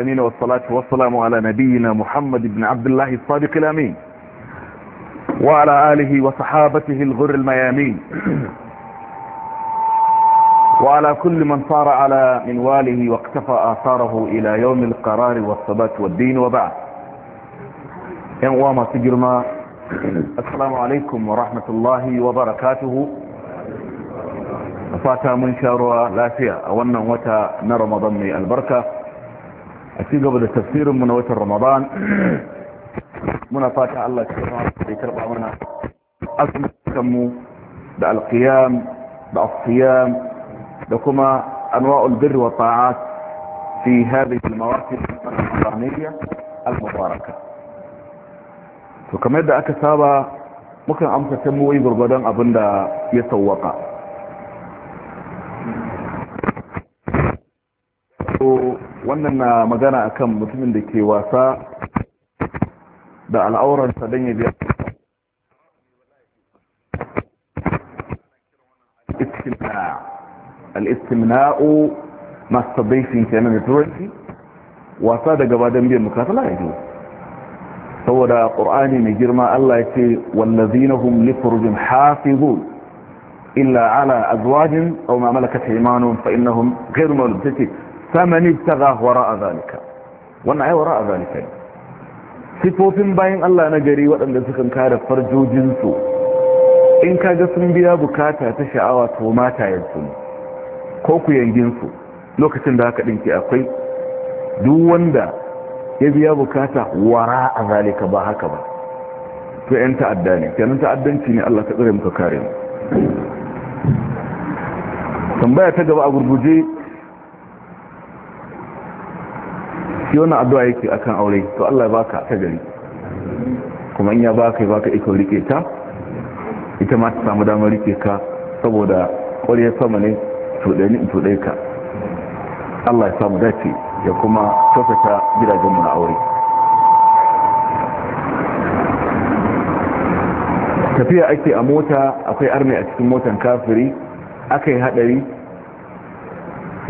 الأمين والصلاة والسلام على نبينا محمد بن عبد الله الصادق الأمين وعلى آله وصحابته الغر الميامين وعلى كل من صار على منواله واقتفى آثاره إلى يوم القرار والثبات والدين وبعد ينوام سجرما السلام عليكم ورحمة الله وبركاته فاتا من شارها لا سيا أولا وتا نرمضا البركة اكيد قبل التفسير من وقت رمضان من فاتح الله سبحانه يتربع منها أسمى تسمو بقى القيام بقى الصيام لكما أنواع البر والطاعات في هذه المواسم الرمضانية المباركة فكما يبدأ أكثابا ممكن أمسى تسمو إيه بربدان أبن دا يتوقع wannan na magana akan mutumin da ke wasa da al'auransa don ya biya al'istimna'u masturbation kenan da turanci wasa da gaba don biyan bukata la saboda ƙur'ani mai girma Allah ya ce wallazinahum li furujin hafizun illa ala azwajin aw ma malakat aymanuhum fa innahum ghayru mawlutatin faman ibtagha wara'a zalika wannan ai wara'a zalika sifofin bayan Allah na gari waɗanda sukan kare farjojinsu in kaga sun biya bukata ta sha'awa to mata yansu ko ku yangin su lokacin da haka dinki akwai duk wanda ya biya bukata wara'a ba haka ba to yan ta'adda ne kenan ta'addanci ne Allah ta tsare muka kare mu tambaya ta gaba a gurguje shi wannan addu'a yake akan aure to Allah ya baka ta gari kuma in ya baka baka iko rike ta ita ma ta samu damar rike ka saboda ƙwariyar sama ne tuɗe ni tuɗe ka Allah ya samu dace ya kuma tafata gidajen mu na aure tafiya ake a mota akwai arme a cikin motan kafiri aka yi haɗari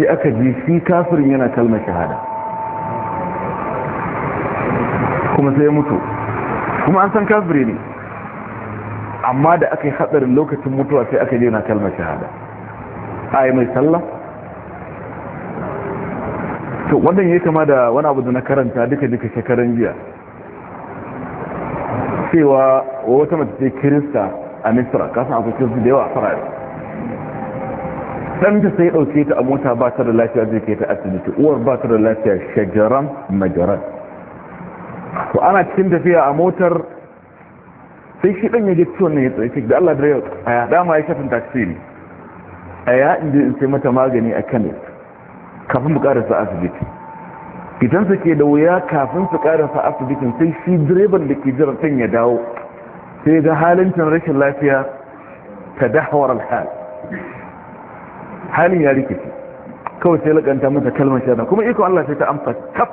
sai aka ji shi kafirin yana kalmar shahada kuma sai ya mutu kuma an san kafiri ne amma da aka yi hatsarin lokacin mutuwa sai aka jina kalmar shahada a yi mai sallah to wannan ya kama da wani abu da na karanta duka duka shekaran jiya cewa wata mace ce kirista a misra kasan akwai kirista da yawa a farari ta sai ɗauke ta a mota ba ta da lafiya zai ke ta asibiti uwar ba ta da lafiya shagaran magaran to ana cikin tafiya a motar sai shi ɗan ya je ciwon ne ya tsaye da Allah direba a ya dama ya shafin taxi ne a ya in in sai mata magani a kan kafin mu karasa asibiti idan su ke da wuya kafin su karasa asibitin sai shi direban da ke jiran kan ya dawo sai ga halin rashin lafiya ta dahawar alhal halin ya rikici kawai sai lakanta masa kalmar shaɗa kuma iko Allah sai ta amsa kaf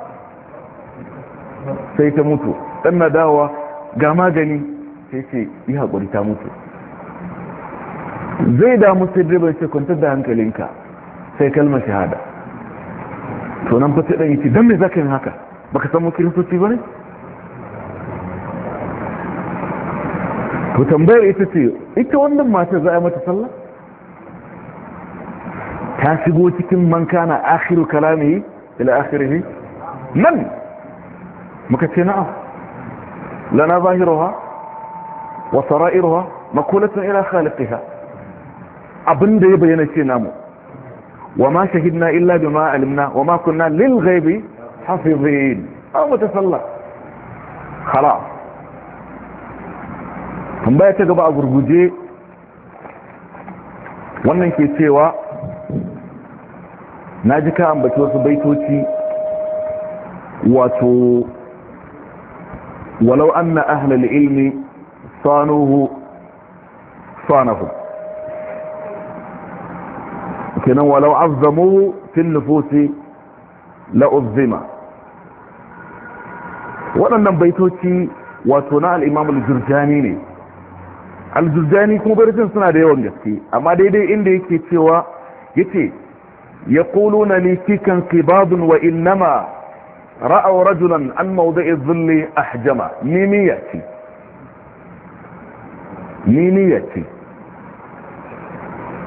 sai ta mutu 'dan na dawa ga magani sai ce yi haƙuri ta mutu zai damu sai direban ce kwantar da hankalinka sai kalmar shahada to nan fa sai ɗan yace don me zaka haka baka san kiristoci ba ne to tambayar ita ce ita wannan matar za a mata sallah ta shigo cikin mankana akhiru kalami ila akhirihi nan muka ce na'am lana zahiruha wa sara'iruha makulatun ila khaliqiha abinda ya bayyana ce namu wa ma shahidna illa bima alimna wa ma kunna lil ghaibi hafizin aw mutasalla khalas tambaya ta gaba a gurguje wannan ke cewa na ji ka ambaci wasu baitoci wato walau anna ahlal ilmi sanuhu sanahu kenan walau azzamuhu fil nufusi la uzzima waɗannan baitoci wato na al-imam ne al-jurjani kuma baitocin suna da yawan gaske amma daidai inda yake cewa yace yaquluna li kikan qibadun wa innama ra'aw rajulan an mawdi'i dhilli ahjama ni niyyati ni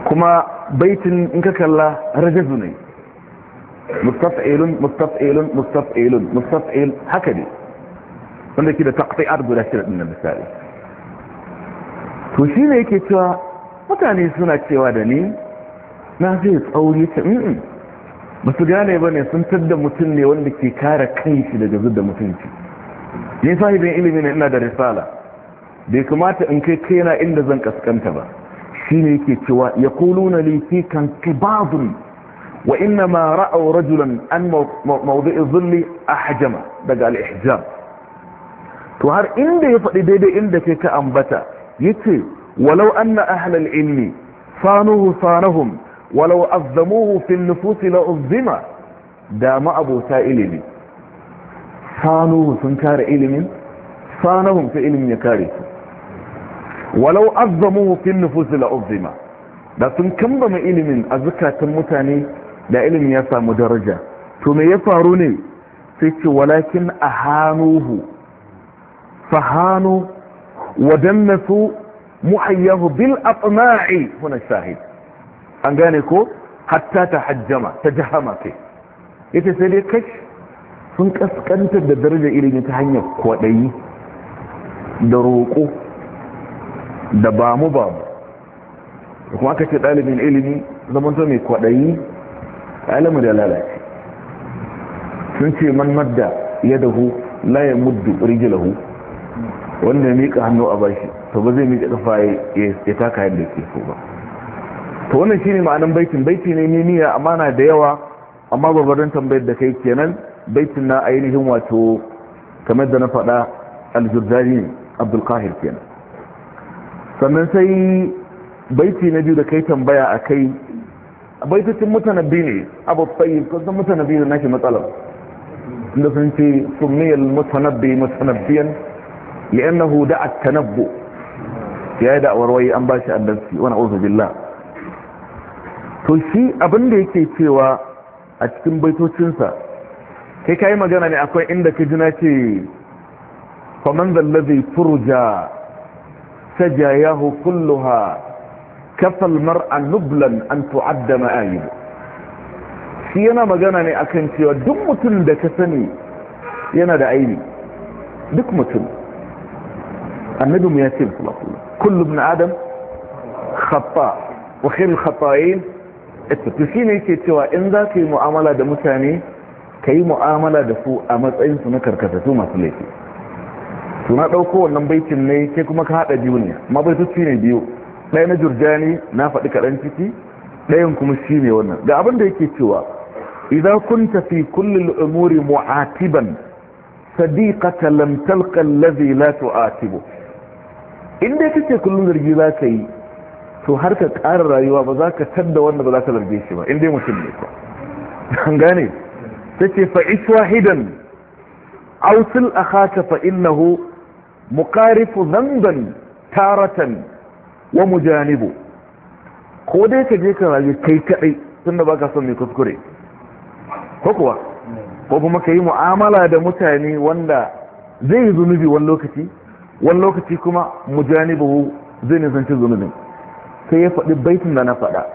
kuma baitin in ka kalla rajazu ne mustaf'ilun mustaf'ilun mustaf'ilun mustaf'il haka ne wanda ke da guda shida din misali to shine yake cewa mutane suna cewa da ni na zai ta ba su gane ba ne sun tadda mutum ne wanda ke kare shi daga zudda mutunci ne sahibin ilimi ne ina da risala bai kamata in kai kaina inda zan kaskanta ba shi ne yake cewa ya kulu na lifi kan kibazun wa inna ma ra'au rajulan an mawdu'i zulli ahjama daga al to har inda ya faɗi daidai inda ke ka ambata yace walau anna ahlal ilmi sanuhu sanahum ولو أظموه في النفوس لأظم دام أبو سائل لي صانوه سنكار إلم صانهم في إلم يكاريس ولو أظموه في النفوس لأظم دا سنكمب من إلم أذكى تمتاني دا إلم يسا مدرجة ثم يفاروني فيك ولكن أهانوه فهانوا ودمثوا محيه بالأطماع هنا الشاهد an gane ko hatta ta hajjama ta jahama kai yace sai dai kai sun kaskantar da daraja ilimi ta hanyar kwaɗayi da roƙo da ba mu ba mu kuma aka ce ɗalibin ilimi zamanto mai kwaɗayi alamu da lalace sun ce man madda ya dahu laye muddu rigilahu. wanda ya miƙa hannu a bashi to ba zai miƙa ƙafa ya taka yadda ke so ba to wannan shine ma'anin baitin baitin ne niyya amana da yawa amma babban tambayar da kai kenan baitin na ainihin wato kamar da na faɗa al-jurjani abdul qahir kenan sannan sai baiti na biyu da kai tambaya a kai baitocin biyu ne abu tsayi kusan biyu ne nashi matsalar da sun ce summiyar mutanabbi mutanabbiyan li'annahu da'a tanabbu ya yi da'awar wai an ba shi annabci wani auzu billah to shi abin da yake cewa a cikin baitocinsa kai ka yi magana ne akwai inda ka jina ce faman zallazi furja sajayahu kulluha kafal mar'a nublan an tu'adda shi yana magana ne akan cewa duk mutum da ka sani yana da aini duk mutum annabi mu ya ce kullu ibn adam khata wa khairul khata'in to shi ne yake cewa in za ka yi mu'amala da mutane ka yi mu'amala da su a matsayinsu na karkatattu masu laifi su na ɗauko wannan baitin ne ke kuma ka haɗa biyu ne ma shi ne biyu ɗaya na jurjani na faɗi kaɗan ciki ɗayan kuma shi ne wannan ga abin da yake cewa idan kun tafi kullum umuri mu'atiban sadiqaka lam talqa allazi la tu'atibu inda kake kullum zargi za ka yi to har ka ƙara rayuwa ba za ka tadda wanda ba za ka zarge shi ba inda mutum ne ko an gane ta ce fa'is wahidan ausul akhaka haka innahu muqarifu zanban taratan wa mujanibu ko dai ka je ka rayu kai kaɗai tun da ba ka son mai kuskure ko kuwa ko kuma ka yi mu'amala da mutane wanda zai yi zunubi wani lokaci wani lokaci kuma mujanibu zai nisanci zunubin sai ya faɗi baitin da na faɗa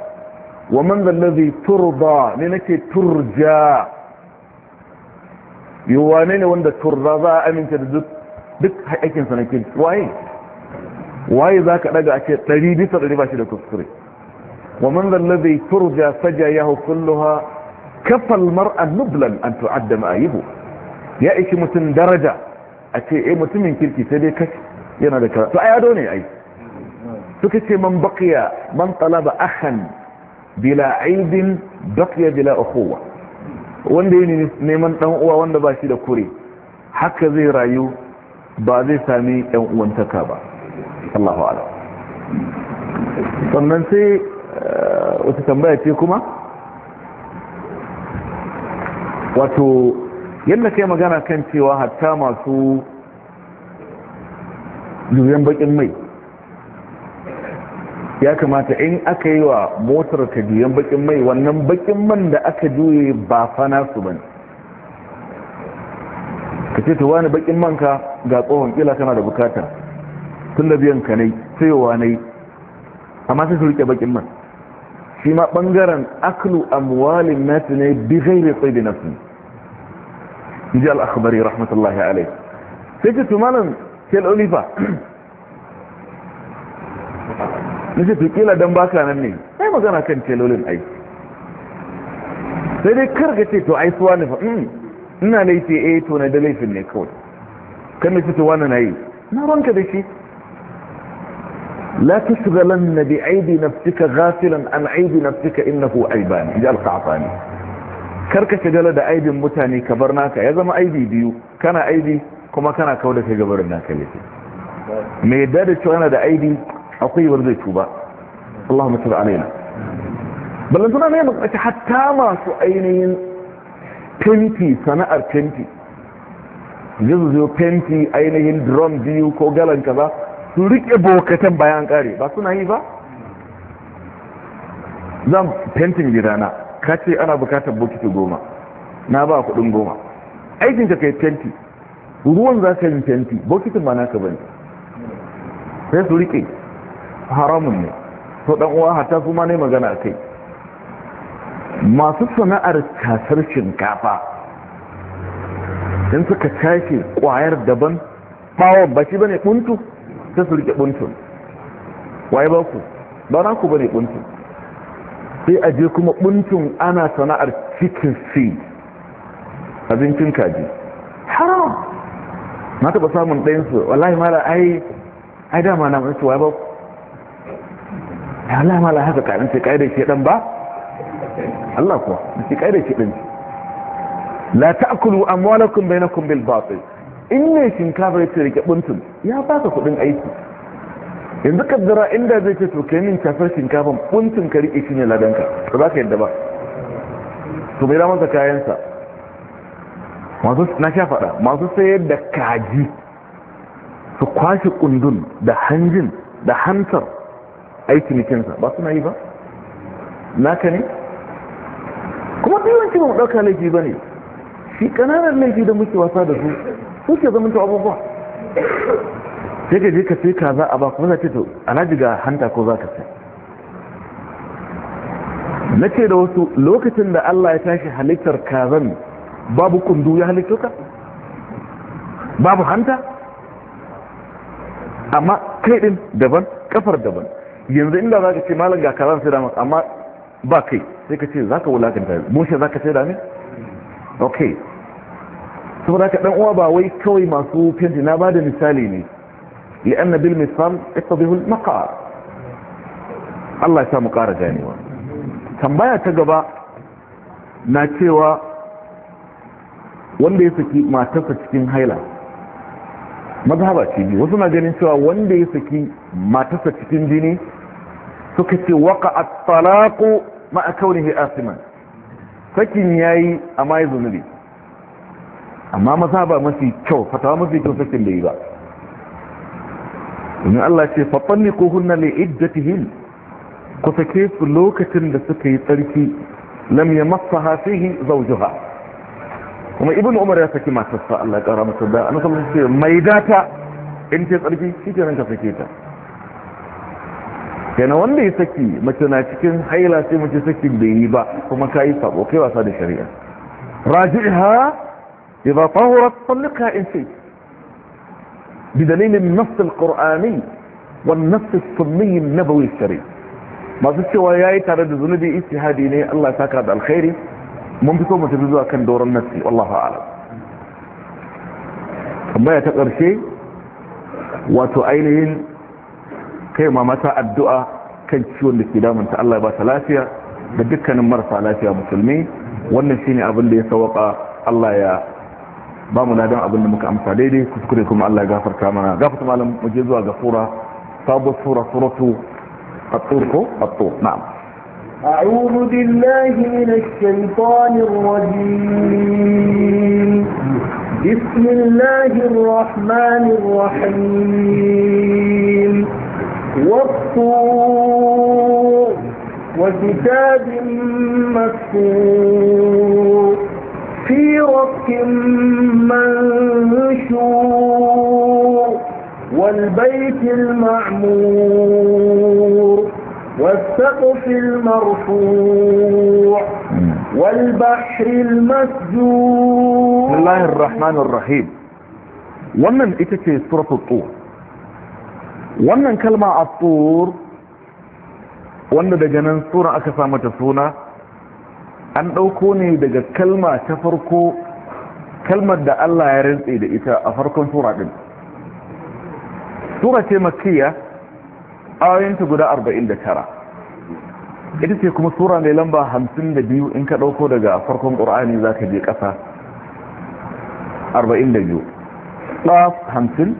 wa man zallazi turba ne nake turja yi wane ne wanda turba za a aminta da duk aikinsa na kin waye waye za ka ɗaga a ce ɗari bisa ɗari ba shi da kuskure wa man da zallazi turja saja ya hukulluha kafal mar'a nublan an tu'adda ma'ayibu ya ishi mutum daraja a ce eh mutumin kirki sai dai kashi yana da To ai ado ne ai suka ce man baqiya man talaba ahan, bila aibin baqiya bila ukhuwa wanda yi neman ɗan uwa wanda ba shi da kure haka zai rayu ba zai sami yan uwantaka ba Allahu a'lam sannan sai eh, wata tambaya ce kuma wato yadda kai magana kan cewa hatta masu juyen bakin mai ya kamata in aka yi wa motar ka juyen bakin mai wannan bakin man da aka juye ba fana su ne? ka ce ta wani bakin ka ga tsohon kila kana da bukata tun da biyan ka ne sayowa ne amma sai su rike bakin man shi ma bangaren aklu amwalin nasu ne bi tsaye da nasu in ji al'akabari rahmatullahi alai sai ce tumanin kel oliver na ce kila don baka nan ne sai magana kan telolin ai sai dai karga ce to ai suwa ne fa mm. ina laifi eh to na da laifin ne kawai kan na to wani na yi na ranka da shi لا تشغلن بعيب نفسك غافلا عن عيب نفسك انه عيبان جاء Kar karka shagala da aibin mutane ka bar naka ya zama aibi biyu kana aibi kuma kana kawo da kai gabarin naka ne mai yadda da cewa yana da aibi akwai wanda zai tuba Allah mutu da alaina ballan suna ne matsaci hatta masu ainihin fenti sana'ar fenti yanzu zai fenti ainihin drum biyu ko galan kaza su riƙe bokatan bayan kare ba suna yi ba zan pentin gidana ka ce ana bukatar bokiti goma na ba kudin goma aikin ka kai fenti ruwan za ka yi fenti bokitin ba ka bane sai su riƙe haramun ne to dan uwa hatta kuma ne magana akai masu sana'ar kasar shinkafa in suka tashi kwayar daban bawon ba shi bane buntu ta su rike buntu waye ba ku ba na ku bane buntu sai a je kuma buntun ana sana'ar chicken feed abincin kaji haram na taba samun ɗayansu wallahi mala ai ai dama na mutu waye ba ku ya lama mala haka karin sai kaidar shi dan ba Allah kuwa shi kaidar shi din la ta'kulu amwalakum bainakum bil batil in ne shinkafa ya ce rike buntun ya baka kudin aiki yanzu kaddara inda zai ce to kai min tafar shinkafan buntun ka rike shi ne ladanka ba za ka yadda ba to bai masa kayansa masu na sha faɗa masu sayar da kaji su kwashe kundun da hanjin da hantar aiki mikinsa ba suna yi ba naka ne kuma yawanci ba mu ɗauka laifi ba ne shi ƙananan laifi da muke wasa da su suke zama ta abubuwa sai ka je ka sai ka za a ba kuma zafi to alhaji ga hanta ko za ka sai na ce da wasu lokacin da Allah ya tashi halittar kazan babu kundu ya halittu ka babu hanta amma kai ɗin daban kafar daban yanzu inda za ka ce malam ga kazan sai damar amma ba kai sai ka ce za ka wulakanta mushe za ka sai da ne? ok saboda ka uwa ba wai kawai masu fenti na ba da misali ne Li'an li'anna bil misal istabihu maka. Allah ya samu ƙara ganewa tambaya ta gaba na cewa wanda ya saki matarsa cikin haila mazhaba ce biyu wasu na ganin cewa wanda ya saki matarsa cikin jini suka ce waka a talaku ma'a kaunihi sakin ya yi a mayi zunubi amma masa ba mafi kyau fatawa mafi kyau sakin da yi ba domin Allah ce faɓanni ko hunna le iddatihin ku sake su lokacin da suka yi tsarki lam ya masa hafihi zaujuha kuma ibn umar ya saki matarsa Allah ya ƙara masa da an sallallahu alaihi mai data in ce tsarki shi ke ranka sake ta kenan wanda ya saki mace na cikin haila sai mace sakin bai yi ba kuma kai sabo kai wasa da shari'a raji'ha idza tahurat talliqha in shi بدليل النص القرآني والنص السني ma su cewa yayi tare da zunubi istihadi ne Allah ya saka da alkhairi mun fito mu tafi zuwa kan doron nasi wallahi a'lam amma ya ta karshe wato ainihin kai ma mata addu'a kan ciwon da ke damunta Allah ba ta lafiya da dukkanin marasa lafiya musulmi wannan shine abin da ya sawaka Allah ya ba mu ladan abin da muka amsa daidai kuskure kuma Allah ya gafarta mana gafarta malam mu je zuwa ga sura sabu sura suratu at-tur ko at-tur na'am أعوذ بالله من الشيطان الرجيم بسم الله الرحمن الرحيم والطور وكتاب مكتوب في رق منشور والبيت المعمور والسقف المرفوع والبحر المسجور بسم الله الرحمن الرحيم ومن اتت سورة الطور wannan kalma a tsor wanda daga nan sura aka samu ta suna an ɗauko ne daga kalma ta farko kalmar da Allah ya rantse da ita a farkon sura ɗin sura ce makiya ayoyinta guda 49 ita ce kuma sura mai lamba hamsin da biyu in ka ɗauko daga farkon ƙur'ani za ka je ƙasa arba'in da biyu ɗaf hamsin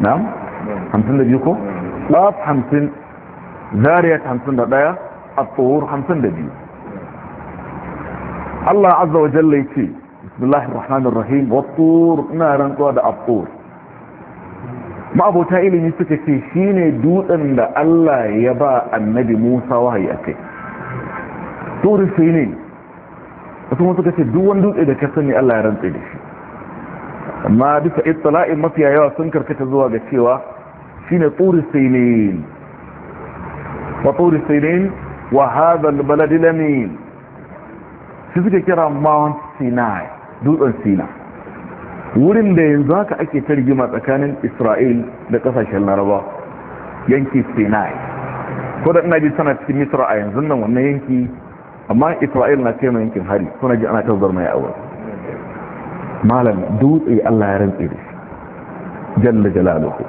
nam. hamsin da biyu ko ɗaf hamsin zariyat hamsin da ɗaya a tsohuwar hamsin da biyu Allah azza wa jalla ya ce bismillahir rahmanir rahim wa tsor ina rantsuwa da abtur ma'abota ilimi suka ce shine dutsen da Allah ya ba annabi Musa wahayi akai tsor sai ne wasu suka ce duk wani dutse da ka sani Allah ya rantsa da shi amma duka istila'in mafiya yawa sun karkata zuwa ga cewa shine turi sinin wa turi sinin wa hadha baladilamin shi suke kira mount sinai dutsen sina wurin da yanzu haka ake tarjima tsakanin isra'il da kasashen laraba yanki sinai ko da ina ji sana cikin misra a yanzu nan wannan yanki amma isra'il na kai yankin hari suna ji ana tazzar mai awar malam dutse Allah ya rantse da shi jalla jalaluhu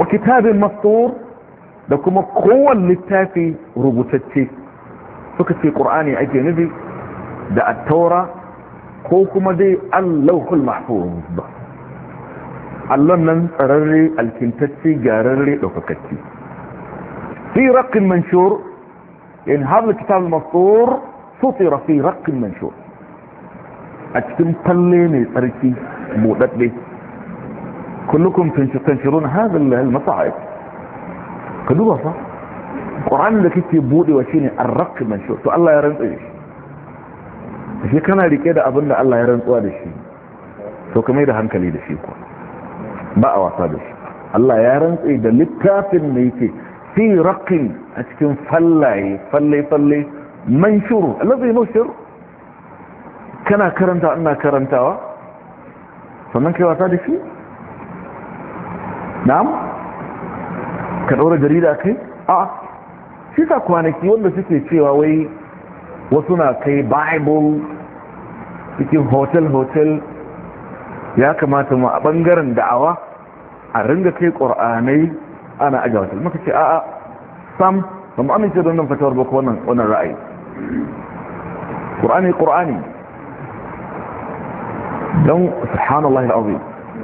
wa kitabin mastur da kuma kowanne littafi rubutacce suka ce qur'ani ake nufi da at-taura ko kuma dai al-lawhul mahfuz allon nan tsararre alkintacce gyararre ɗaukakacce fi raƙin manshur in haɗa kitab mastur sutira fi raƙin manshur a cikin falle mai tsarki buɗaɗɗe kullukum tanshirun hadha al-masa'id ka duba fa Qur'an da kake budewa shine ar-raqib manshur to Allah ya rantsa shi shi kana rike da abin da Allah ya rantsuwa da shi to kuma da hankali da shi kuwa? ba a wasa da shi Allah ya rantsa da littafin mai yake fi raqin a cikin fallaye falle falle manshur allazi mushir kana karanta ina karantawa sannan kai wata da shi na'am ka ɗaura jarida kai a shi sa kwanaki wanda suke cewa wai wasu na kai bible cikin hotel-hotel ya kamata ma a bangaren da'awa a ringa kai ƙor'anai ana ajawatar maka ce a'a sam ba mu amince don nan fatawar baka wannan ra'ayi ƙor'ani ƙor'ani don subhanallahi alazim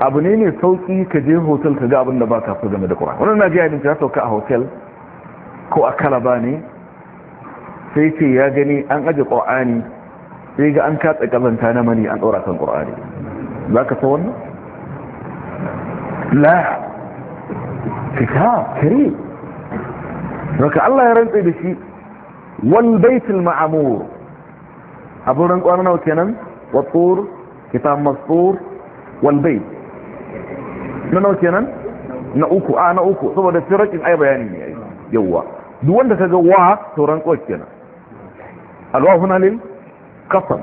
abu ne mai sauki ka je hotel ka ga abin da baka so game da Qur'an wannan na ji hadin ya sauka a hotel ko a kalaba ne sai ce ya gani an aje Qur'ani sai ga an katsa kazanta na mani an daura kan Qur'ani zaka so wannan la fita kare raka Allah ya rantsa da shi wal baitul ma'mur abun ran kwana kenan wa tur kitab mastur wal bayt na nau kenan na uku a ah, na uku saboda sirakin ai bayani ne ai yawa duk wanda kaga wa sauran kawai kenan alwahu na lil kasam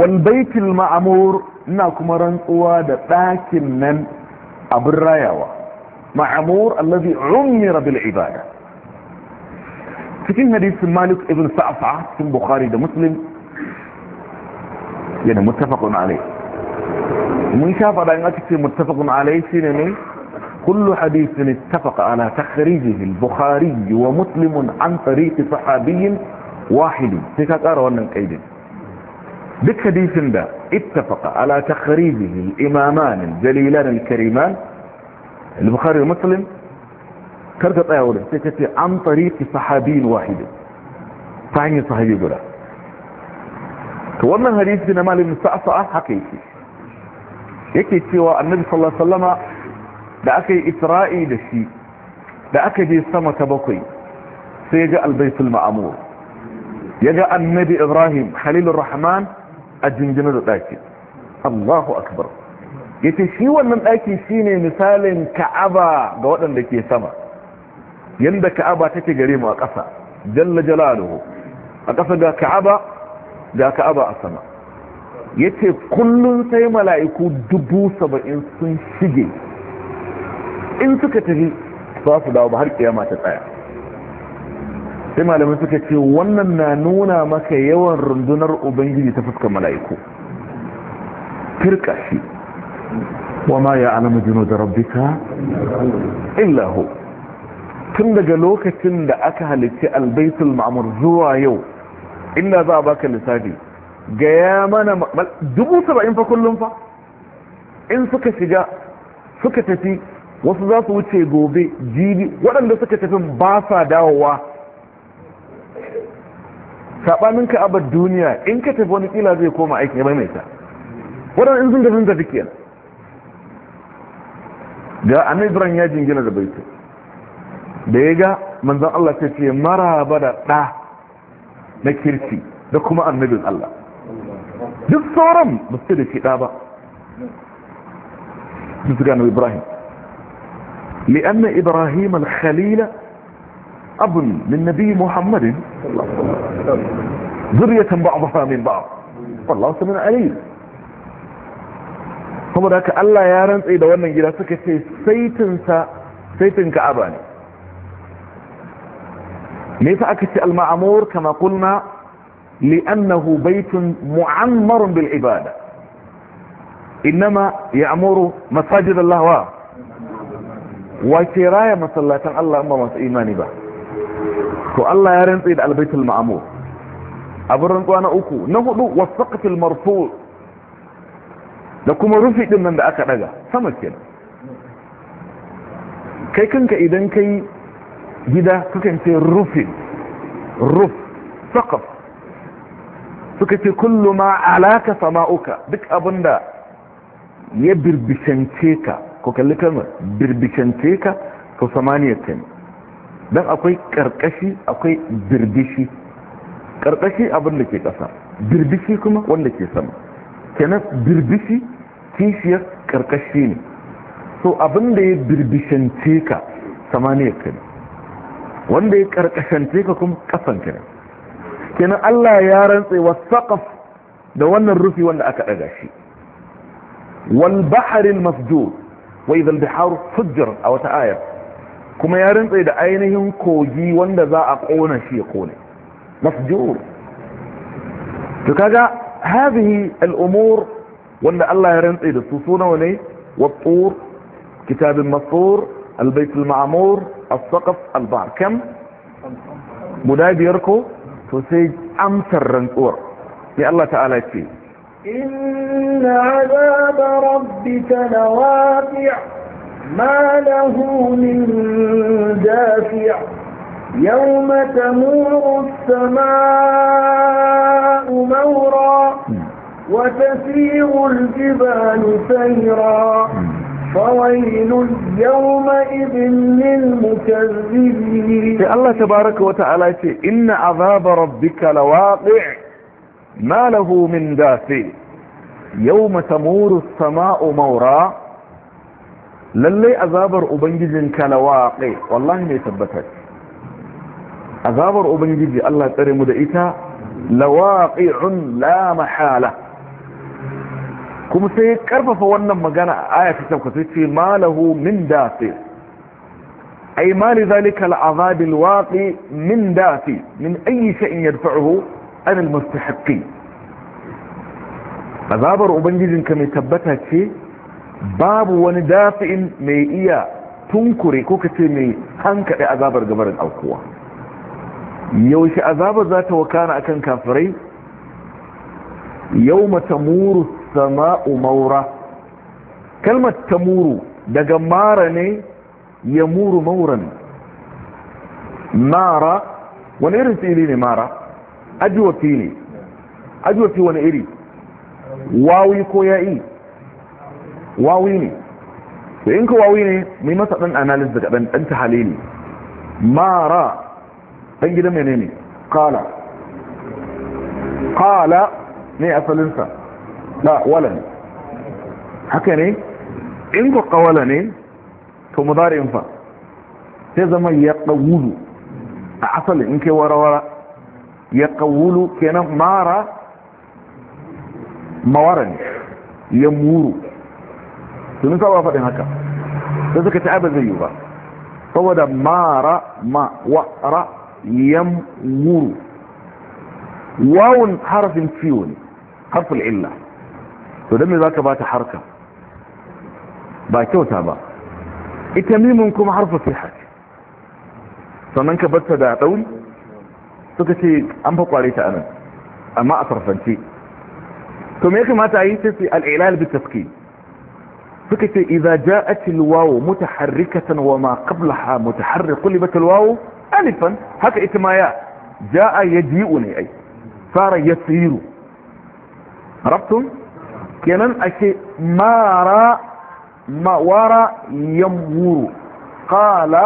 wal baitil ma'mur ina kuma rantsuwa da ɗakin nan abin rayawa ma'amur allazi umira bil ibada cikin hadisin malik ibn sa'fa cikin bukhari da muslim yana muttafaqun alai mun sha faɗa in aka ce muttafaqun alai shine ne kullu hadithin ittafaqa ala takhrijihi al-bukhari wa muslim an tariq sahabiyyin wahid sai ka ƙara wannan kaidin duk hadithin da ittafaqa ala takhrijihi al-imaman al-jalilan al-kariman al-bukhari wa muslim karka tsaya wurin sai ka ce an tariq sahabiyyin wahid ta hanyar sahabi guda to wannan hadisi na malamin sa'asa'a haka yake yake cewa annabi sallallahu alaihi wasallama da aka yi isra'i da shi da aka je sama ta bakwai sai ga albaitul ma'amur ya ga annabi ibrahim halilur rahman a jinjina da ɗaki allahu akbar ya ce shi wannan ɗaki shine misalin ka'aba ga waɗanda ke sama yadda ka'aba take gare mu a ƙasa jalla jalaluhu a ƙasa ga ka'aba Da ga aba a sama ya ce kullum sai mala'iku dubu saba'in sun shige in suka tafi ba su dawo ba har kiyama ta tsaya sai malamai suka ce wannan na nuna maka yawan rundunar ubangiji ta fuskar mala'iku firka shi wa ya alama jino da rabbika illahu tun daga lokacin da aka halitti albaitul ma'amur zuwa yau inda za a baka lissafi gaya mana dubu saba'in fa kullum fa in suka shiga suka tafi wasu za su wuce gobe jibi waɗanda suka tafin ba sa dawowa saɓanin ka abar duniya in ka tafi wani ƙila zai koma aiki ya maimaita waɗanda in sun tafi tafi kiyar da amibiran ya jingina da baitu da ya ga manzan Allah ta ce mara ba da ɗa na kirki da kuma annabin Allah duk sauran musu da shi ɗa duk su su gano ibrahim لأن إبراهيم الخليل أب من نبي محمد ذرية بعضها من بعض والله سمن عليم kuma da ka Allah ya rantsa da wannan gida suka ce saitinsa saitin ka'aba ne me yasa aka ce al-ma'mur kama qulna li'annahu baytun mu'ammarun bil ibada innama ya'muru masajid Allah wa wa kiraya masallatan Allah amma masu imani ba to Allah ya rantsa da al-baitul ma'mur abun rantsuwa na uku na hudu wasaqatul marfu da kuma rufi din nan da aka daga sama kenan kai kanka idan kai gida suka ce rufin ruf sakaf suka ce kullu ma alaka sama'uka duk abinda ya birbishance ka ko kalli kalmar birbishance ka to samaniyar ta ne don akwai karkashi akwai birbishi karkashi abinda ke kasa birbishi kuma wanda ke sama kenan birbishi kishiyar karkashi ne so abinda ya birbishance ka samaniyar ka ne wanda ya karkashance ka kuma kafanka ne kenan Allah ya rantse wa saqaf da wannan rufi wanda aka daga shi wal masjur wa idha al biharu a wata aya kuma ya rantse da ainihin kogi wanda za a kona shi ya kone masjur to kaga hadhihi al umur wanda Allah ya rantse da su sunawa ne wa tur kitabin masur البيت المعمور السقف البار كم منادي يركو فسيج امسر رنقور يا الله تعالى يكفي ان عذاب ربك لواقع ما له من دافع يوم تمور السماء مورا وتسير الجبال سيرا فويل يومئذ للمكذبين الله تبارك وتعالى إن عذاب ربك لواقع ما له من دافع يوم تمور السماء مورا للي عذابر أبنجزنك لواقع والله ما يثبتك عذابر أبنجزي الله ترمد إيتا لواقع لا محالة kuma sai ya karfafa wannan magana a aya ta tabka sai ce malahu min dafi ai ma zalika al'azab alwaqi min dafi min ayi shay'in yadfa'uhu an almustahiqi azabar ubangijinka mai tabbata ce babu wani dafi'in mai iya tunkure ko kace mai hankali azabar gabarin aukuwa yaushe azabar za ta wakana akan kafirai yau mata muru sama'u maura kalmar tamuru daga mara ne ya muru mauran mara wani irin fili ne mara ajiwa fili ajiwa fi wani iri wawi ko ya'i wawi ne to in ka wawi ne mai masa dan analis daga dan dan tahalili mara dan gidan menene qala qala ne asalinsa wala ne haka ne in ku qawala ne to mudari'in fa sai zama ya qawulu a asali in kai warawara ya qawulu kenan mara ne ya muru tun sa ba faɗin haka sai suka ci abin zai yi ba saboda mara ma ya muru wawun harafin ciwo ne harfin illa to dan me zaka bata harka ba kyauta ba ita mimun kuma harfa fi haƙi sannan ka batta da ɗauri to kace an fa kware ta anan amma a farfance to me yake mata yi sai al-ilal bi tafkid suka ce idza ja'at al waw mutaharrikatan wa ma qablaha mutaharrik qulibat al waw alifan haka ita ma ya ja'a yaji'u ne ai fara yasiru rabtum kenan ake mara mawara yamuru qala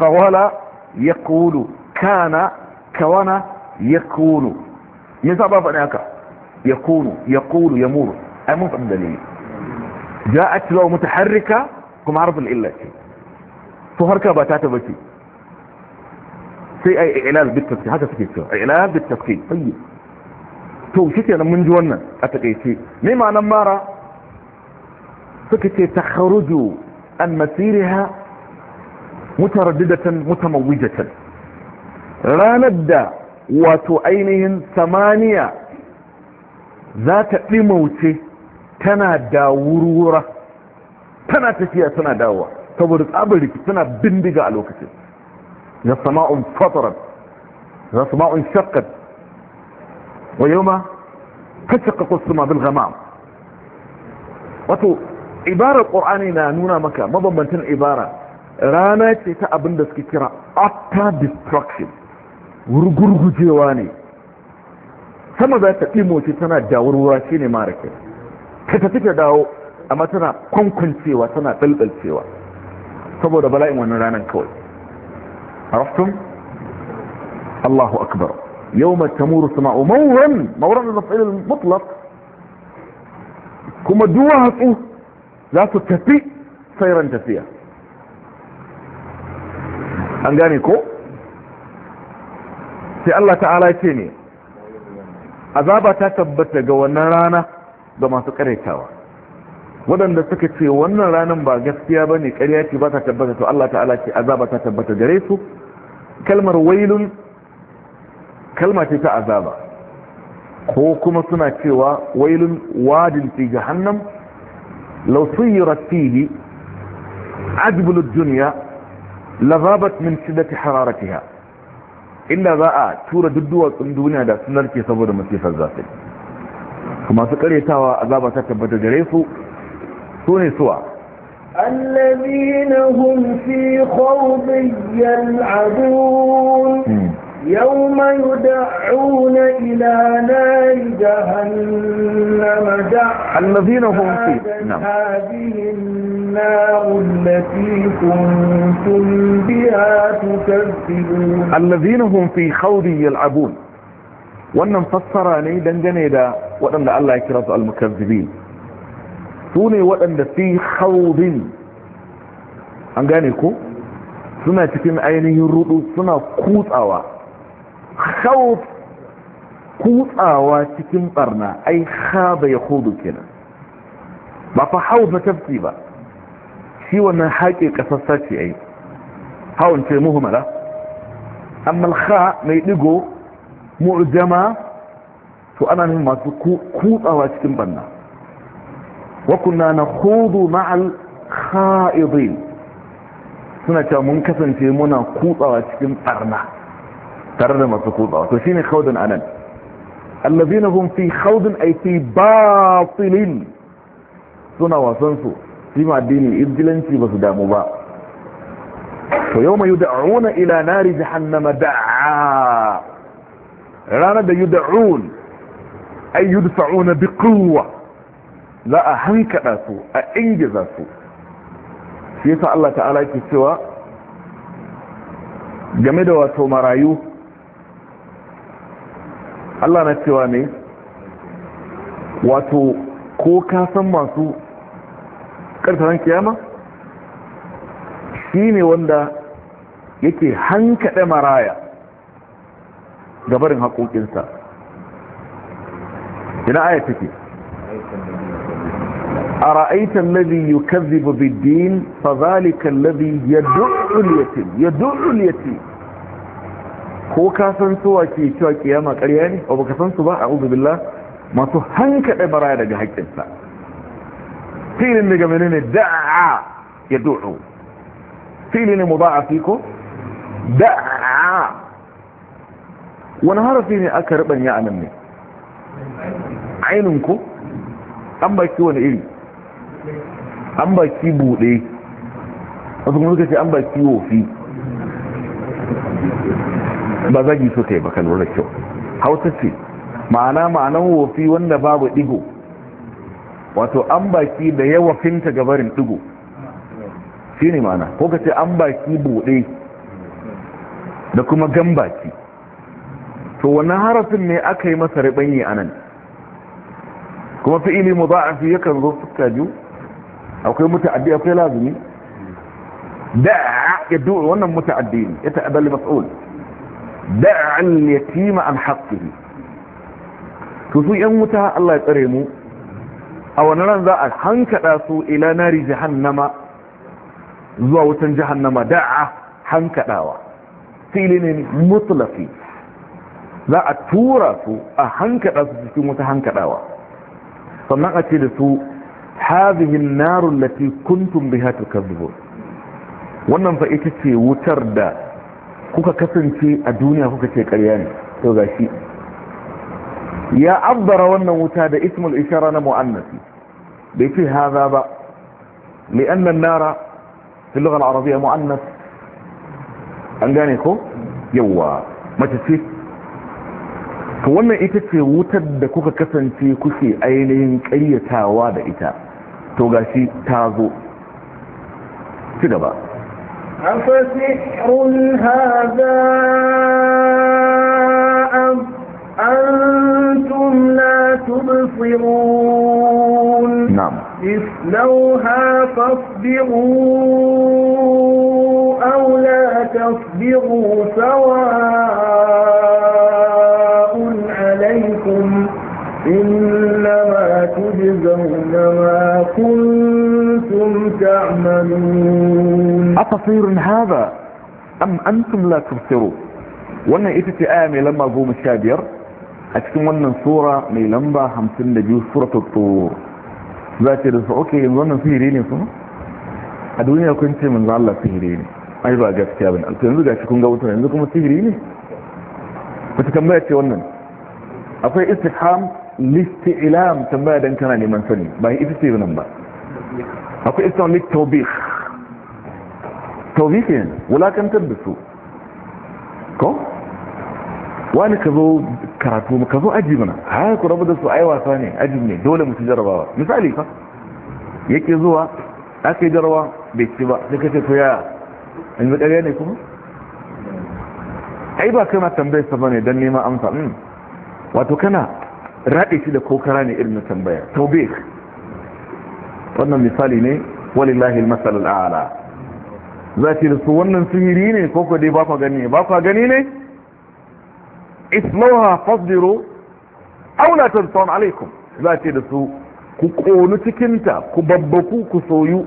qawala yaqulu kana kawana yakunu yasa ba faɗi haka yakunu yaqulu yamuru ai mun faɗi dalili ja'at law mutaharrika kuma harfin illa ce to harka ba ta taba ce sai ai ilal bit tafsir haka suke cewa ilal bit tafsir tayyib to shi kenan mun ji wannan a takaice me ma'anar mara suka ce ta kharuju an masiriha mutaraddidatan mutamawijatan ranar da wato ainihin samaniya za ta ɗimauce tana da wurwura tana tafiya tana dawowa saboda tsabiriki tana bindiga a lokacin ya sama'un fatarar ya sama'un shakkat ويوم تشقق السماء بالغمام wato ibarar ƙorani na nuna maka mabambantan ibara rana ce ta abin da suke kira after destruction gurgujewa ne sama za ta ɗimoci tana dawurwa shi ne mara kai ta tafi ta dawo amma tana kwankwancewa tana ɗalɗalcewa saboda bala'in wani ranar kawai a Allahu akbar يوم تمور السماء مورا مورا للمفعيل المطلق كما دوها لا تتفي سيرا تفيا an gane ko sai Allah ta'ala ce ne azaba ta tabbata ga wannan rana ga masu karetawa waɗanda suka ce wannan ranar ba gaskiya ba ne ce ba ta tabbata to Allah ta'ala ce azaba ta tabbata gare su kalmar wailun kalma ce ta azaba ko kuma suna cewa wailun wadin fi jahannam law suyirat fihi ajbul dunya lazabat min shiddati hararatiha inda za a tura duk duwatsun duniya da sunar ke saboda masifar zafi kuma su karyatawa azaba ta tabbata gare su su ne suwa الذين هم في خوض يلعبون hmm. يوم يدعون إلى نار جهنم دعا الذين هم فيه نعم هذه النار التي كنتم بها تكذبون الذين هم في خوض يلعبون wannan fassara ne dangane da waɗanda Allah ya kira su al-mukazzibin su ne waɗanda fi khawdin an gane ko suna cikin ainihin rudu suna kutsawa خوف قوطا واتكين قرنا اي خاب يخوض كنا ما فحاو فتبتي با شو انا حاكي قصصاتي اي هاو انت مهمة لا اما الخاء ما يدقو معجمة فأنا انا نهما قوطا واتكين قرنا وكنا نخوض مع الخائضين سنة منكسن في منا قوطا واتكين قرنا ترنم سقوط او شيء خوض انا الذين هم في خوض اي في باطل سنا وسنسو فيما ديني ادلنتي بس دامو مبا فيوم يدعون الى نار جهنم دعا رانا دا يدعون اي يدفعون بقوة لا اهنك اسو اينجز اسو فيسا الله تعالى كسوا جمدوا سو مرايوه Allah na cewa ne wato ko ka san masu ƙarfaran kiyama shi ne wanda yake hankaɗe maraya gabarin haƙoƙinsa ina aya take a ra'aitan lazi yi kazzibu bidin fa zalika lazi ya du'ul yatim ya du'ul yatim ko ka san suwa ke cewa kiyama ƙarya ne ba ka san su ba a'udhu billah masu hankaɗe baraya daga haƙƙinsa filin daga ne da'a ya du'u filin ne mu ba a fi ko da'a wani harafi ne aka ya anan ne ainun ko an baki wani iri an baki buɗe wasu kuma suka ce an baki wofi ba zagi ta yi ba kan lura kyau hausa ce ma'ana ma'anan wofi wanda babu digo wato an baki da yawa finta gabarin digo shi ne ma'ana ko ka ce an baki buɗe da kuma gan baki to wannan harafin ne aka yi masa ribanyi a nan kuma ba'a fi yakan zo fuska biyu akwai muta'addi akwai lazimi da ya du'a wannan muta'addi ne ya ta'addal mas'ul da'a an yatima an haqqihi to su yan wuta Allah ya tsare mu a wannan ran za a hankada su ila nari jahannama zuwa wutan jahannama da'a hankadawa fili mutlafi za a tura su a hankada su cikin wuta hankadawa sannan a ce da su hadhihi an-nar kuntum biha tukadzibun wannan fa ita ce wutar da kuka kasance a duniya kuka ce ƙarya ne to ga shi ya abbara wannan wuta da ismul ishara na mu'annasi bai ce haza ba li'annan nara fi lughar arabiya mu'annas an gane ko yawa mace ce to wannan ita ce wutar da kuka kasance kuke ainihin ƙayyatawa da ita to ga shi ta zo ci gaba أفسحر هذا أم أنتم لا تبصرون نعم إسلوها فاصبروا أو لا تصبروا سواء عليكم إنما تجزون ما كنتم تعملون أتصير هذا أم أنتم لا تبصروا wannan ita ce aya mai lamba goma sha biyar a cikin wannan sura mai lamba hamsin da biyu sura tattur za ce da su ok yanzu wannan sihiri ne su a duniya kun ce min Allah sihiri ne ai ba gaskiya bane alto yanzu ga cikin gabata yanzu kuma sihiri ne ba tambaya ce wannan akwai tambaya dan neman sani ba ita ce nan ba akwai taubiki ne wulakantar da su ko wani ka zo karatu ka zo aji mana haya ku rabu da su ai wasa ne aji ne dole mu ci jarabawa misali fa yake zuwa aka yi jarawa bai ci ba sai kace to yaya an yi ƙarya ne kuma ai ba kai ma tambayar sa bane dan nema amsa hmm. wato kana raɗe shi da kokara ne irin na tambaya taubik wannan misali ne walillahi al-masal al-a'la za ce da su wannan sihiri ne ko ku dai ba ku gani ba ku gani ne islauha fasdiru aw la tansawn alaikum za ce da su ku konu cikinta ku babbaku ku soyu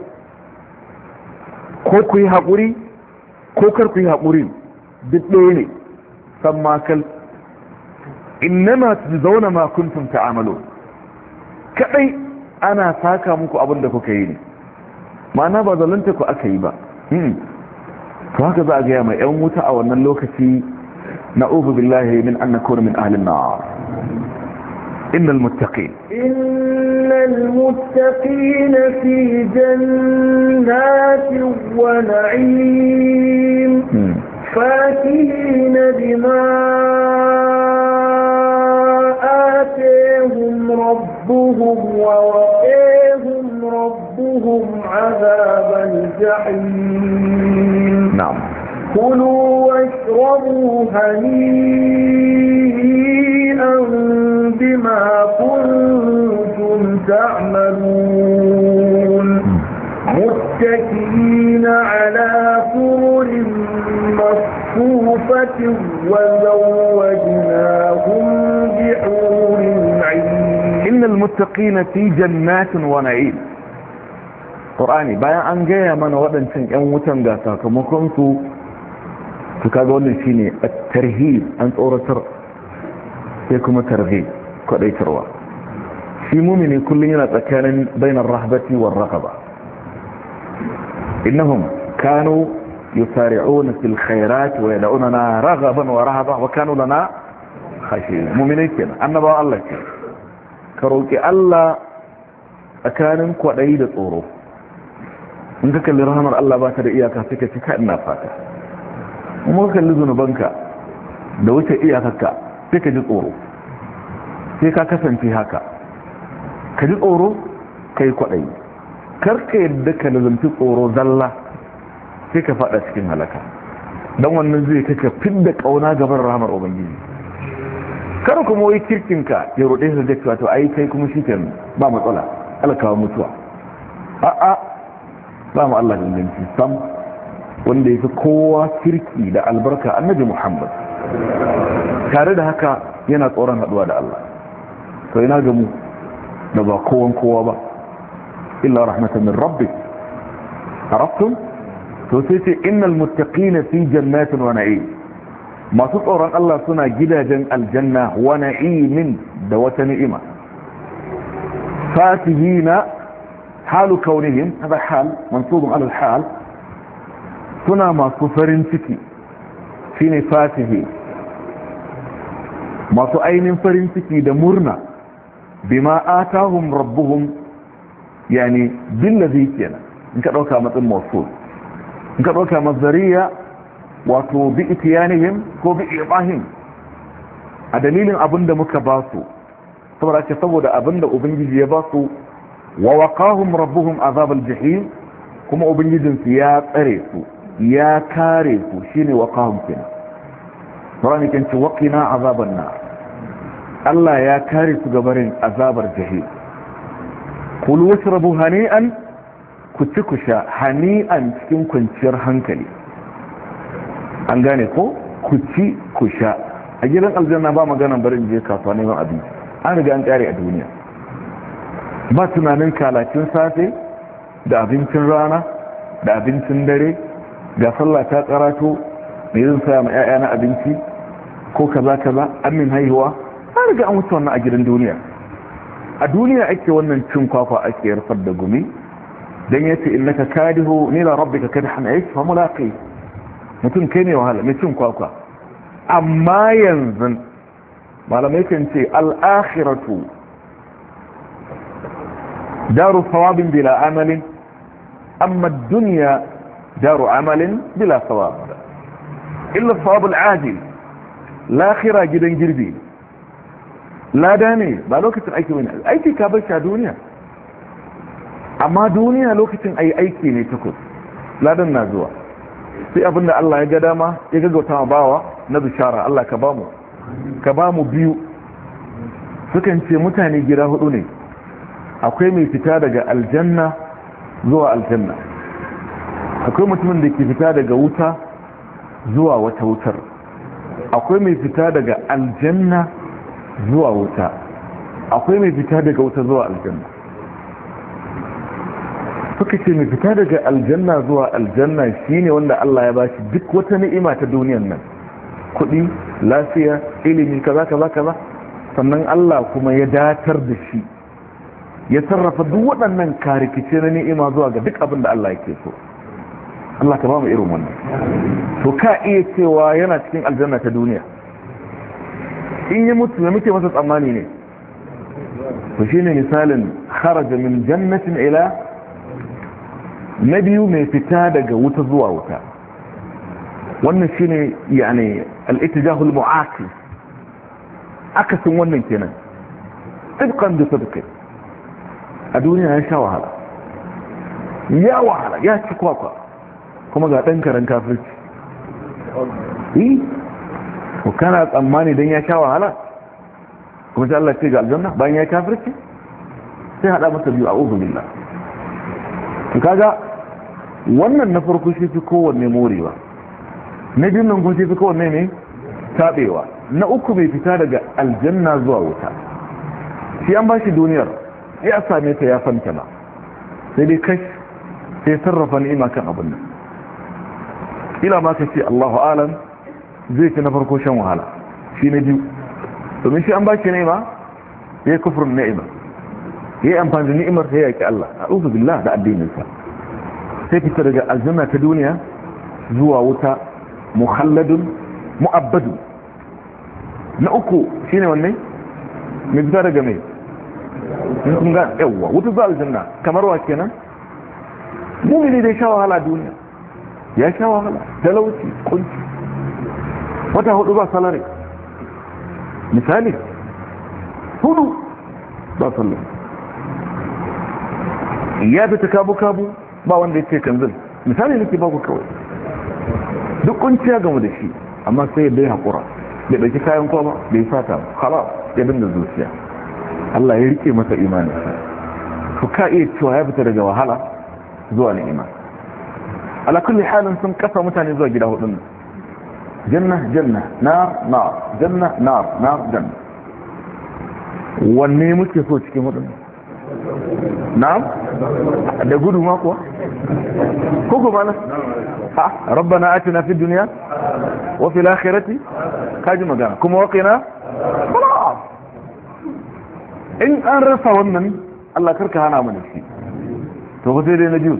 ko ku yi haƙuri ko kar ku yi haƙuri duk ɗaya ne san makal innama tujzauna ma kuntum ta'amalu kadai ana saka muku abin da kuka yi ne ma'ana ba zalunta ku aka yi ba to haka za a gaya mai yan wuta a wannan lokaci na ubu billahi min an nakuna min ahlin na'ar إن المتقين إن المتقين في جنات ونعيم فاكهين بما آتيهم ربهم ووقعهم عذاب الجحيم نعم كلوا واشربوا هنيئا بما كنتم تعملون متكئين على سرر مصفوفة وزوجناهم بحور عين إن المتقين في جنات ونعيم ƙorani bayan an gaya mana waɗancan 'yan wutan ga sakamakonsu su kaga wannan shi ne a tarhi an tsoratar sai kuma tarhi kwaɗaitarwa shi mumini kullum yana tsakanin bainar rahabati wa rahaba innahum kanu yusari'una fil khairat wa yad'unana raghaban wa rahaba wa kanu lana khashiyin mumini kenan annabawa Allah ke ka roki Allah tsakanin kwaɗayi da tsoro in ka kalli rahamar Allah ba ta da iyaka sai ka ci ka ina fata kuma ka kalli zunubanka da wuce iyakarka sai ka ji tsoro sai ka kasance haka ka ji tsoro ka yi kwaɗayi ka yadda ka nazanci tsoro zalla sai ka faɗa cikin halaka don wannan zai kaka da ƙauna gaban rahamar ubangiji kar kuma wai kirkinka ya ruɗe su da cewa to ai kai kuma shi ba matsala alkawa mutuwa a'a ba mu Allah ganganci sam wanda ya fi kowa kirki da albarka annabi muhammad tare da haka yana tsoron haduwa da Allah to ina ga mu da ba kowan kowa ba illa rahmatan min rabbi arabtum to sai ce innal muttaqina fi jannatin wa na'im masu tsoron Allah suna gidajen aljanna wa na'imin da wata ni'ima fatihina حال كونهم هذا حال منصوب على الحال سنا ما سفرين سكي في نفاته ما سؤين فرين سكي دمرنا بما آتاهم ربهم يعني بالذي كنا إن كان مثل موصول إن كان مصدرية wato bi itiyanihim ko bi ibahim a dalilin abinda muka ba su saboda ce saboda abinda ubangiji ya ba su wa waqahum rabbuhum azab al-jahim kuma ubangijinsu ya tsare su ya kare su shine waqahum kenan Qur'ani kan ce waqina nar Allah ya kare su gabarin azabar jahim kulu washrabu hani'an ku hani'an cikin kwanciyar hankali an gane ko ku ci sha a gidan aljanna ba magana barin je kasuwa neman abinci an riga an kare a duniya ba tunanin kalacin safe da abincin rana da abincin dare ga sallah ta karatu. mai yin saya ma 'ya'ya na abinci ko kaza kaza amin haihuwa an riga an wuce wannan a gidan duniya a duniya ake wannan cin kwakwa ake yarfar da gumi don ya ce innaka kadihu nila kadi hana ayk famula mulaqi mutum kai ne wahala mai cin kwakwa amma yanzu malamai kan ce al-akhiratu daru sawabin bila amalin amma duniya daru amalin bila sawab illa sawabul ajil lahira gidan girbi lada ba lokacin aiki wani aiki ka bar sha duniya amma duniya lokacin aiki ne tukus ladan na zuwa sai abinda Allah ya ga dama ya gaggauta ma bawa na bishara Allah ka bamu biyu sukan ce mutane gida hudu ne akwai mai fita daga aljanna zuwa aljanna akwai mutumin da ke fita daga wuta zuwa wata wutar akwai mai fita daga aljanna zuwa wuta akwai mai fita daga wuta zuwa aljanna suka ce mai fita daga aljanna zuwa aljanna shine wanda Allah ya bashi duk wata ni'ima ta duniyan nan kuɗi lafiya ilimi kaza kaza kaza sannan Allah kuma ya datar da shi ya sarrafa duk waɗannan karikice na ni'ima zuwa ga duk abin da Allah yake so Allah ka ba mu irin wannan to ka iya cewa yana cikin aljanna ta duniya in yi mutu ne muke masa tsammani ne to shine misalin kharaja min jannatin ila na biyu mai fita daga wuta zuwa wuta wannan shine yani alitijahul ittijahul mu'aqi akasin wannan kenan tibqan da sabqin a duniya ya sha wahala ya wahala ya ci kwakwa kuma ga ɗan karen kafirci yi ko kana tsammani don ya sha wahala kuma sai Allah ce ga aljanna bayan ya kafirci sai haɗa masa biyu a uzubillah to kaga wannan na farko shi fi kowanne morewa na biyun nan kuma shi fi kowanne ne taɓewa na uku bai fita daga aljanna zuwa wuta shi an ba shi duniyar ya same ta ya fanta ba sai dai kai sai sarrafa ni'ima kan abin nan ila ma ka ce Allahu alam zai ci na farko shan wahala shi na biyu domin shi an ba ki ni'ima ya kufrun ni'ima ya yi amfani da ni'imar ta yaƙi Allah a ɗufu billah da sa. sai fita daga aljanna ta duniya zuwa wuta muhalladun mu'abbadu na uku shine wannan mai fita daga mai kun ga yawwa wutu zuwa aljanna kamar wa kenan mumini dai sha wahala duniya ya sha wahala talauci kunci wata hudu ba salari misali hudu ba salari ya fita kabu-kabu ba wanda ya ce kanzil misali nake ba ku kawai duk kunciya gamu da shi amma sai ya bai haƙura bai ɗauki kayan kwaba bai fata halar ya dinga zuciya Allah ya rike masa imaninsa su ka iya cewa ya fita daga wahala zuwa ni'ima ala kulli halin sun kafa mutane zuwa gida hudun janna janna nar nar janna nar nar janna wanne muke so cikin hudun na'am da gudu ma kuwa ko kuma na ha na atina fid dunya wa fil akhirati kaji magana kuma waƙi na. in an rasa wannan Allah karka hana mana shi to ba sai dai na biyu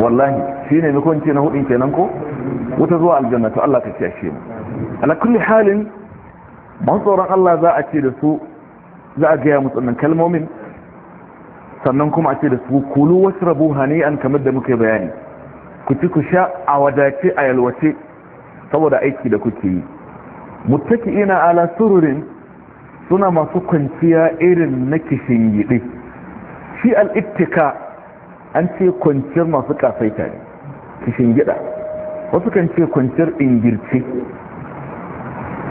wallahi shi ne mikon ce na hudin kenan ko wata zuwa aljanna to Allah ka shi mu ala kulli halin ban tsoron Allah za a ce da su za a gaya mu wannan kalmomin sannan kuma a ce da su kulu rabu hani'an kamar da muke bayani ku ci ku sha a wadace a yalwace saboda aiki da kuke yi ina ala sururin suna masu kwanciya irin na kishin yiɗi shi al'ittika an ce kwanciyar masu kafaita ne kishin gida wasu kan ce kwanciyar ingirce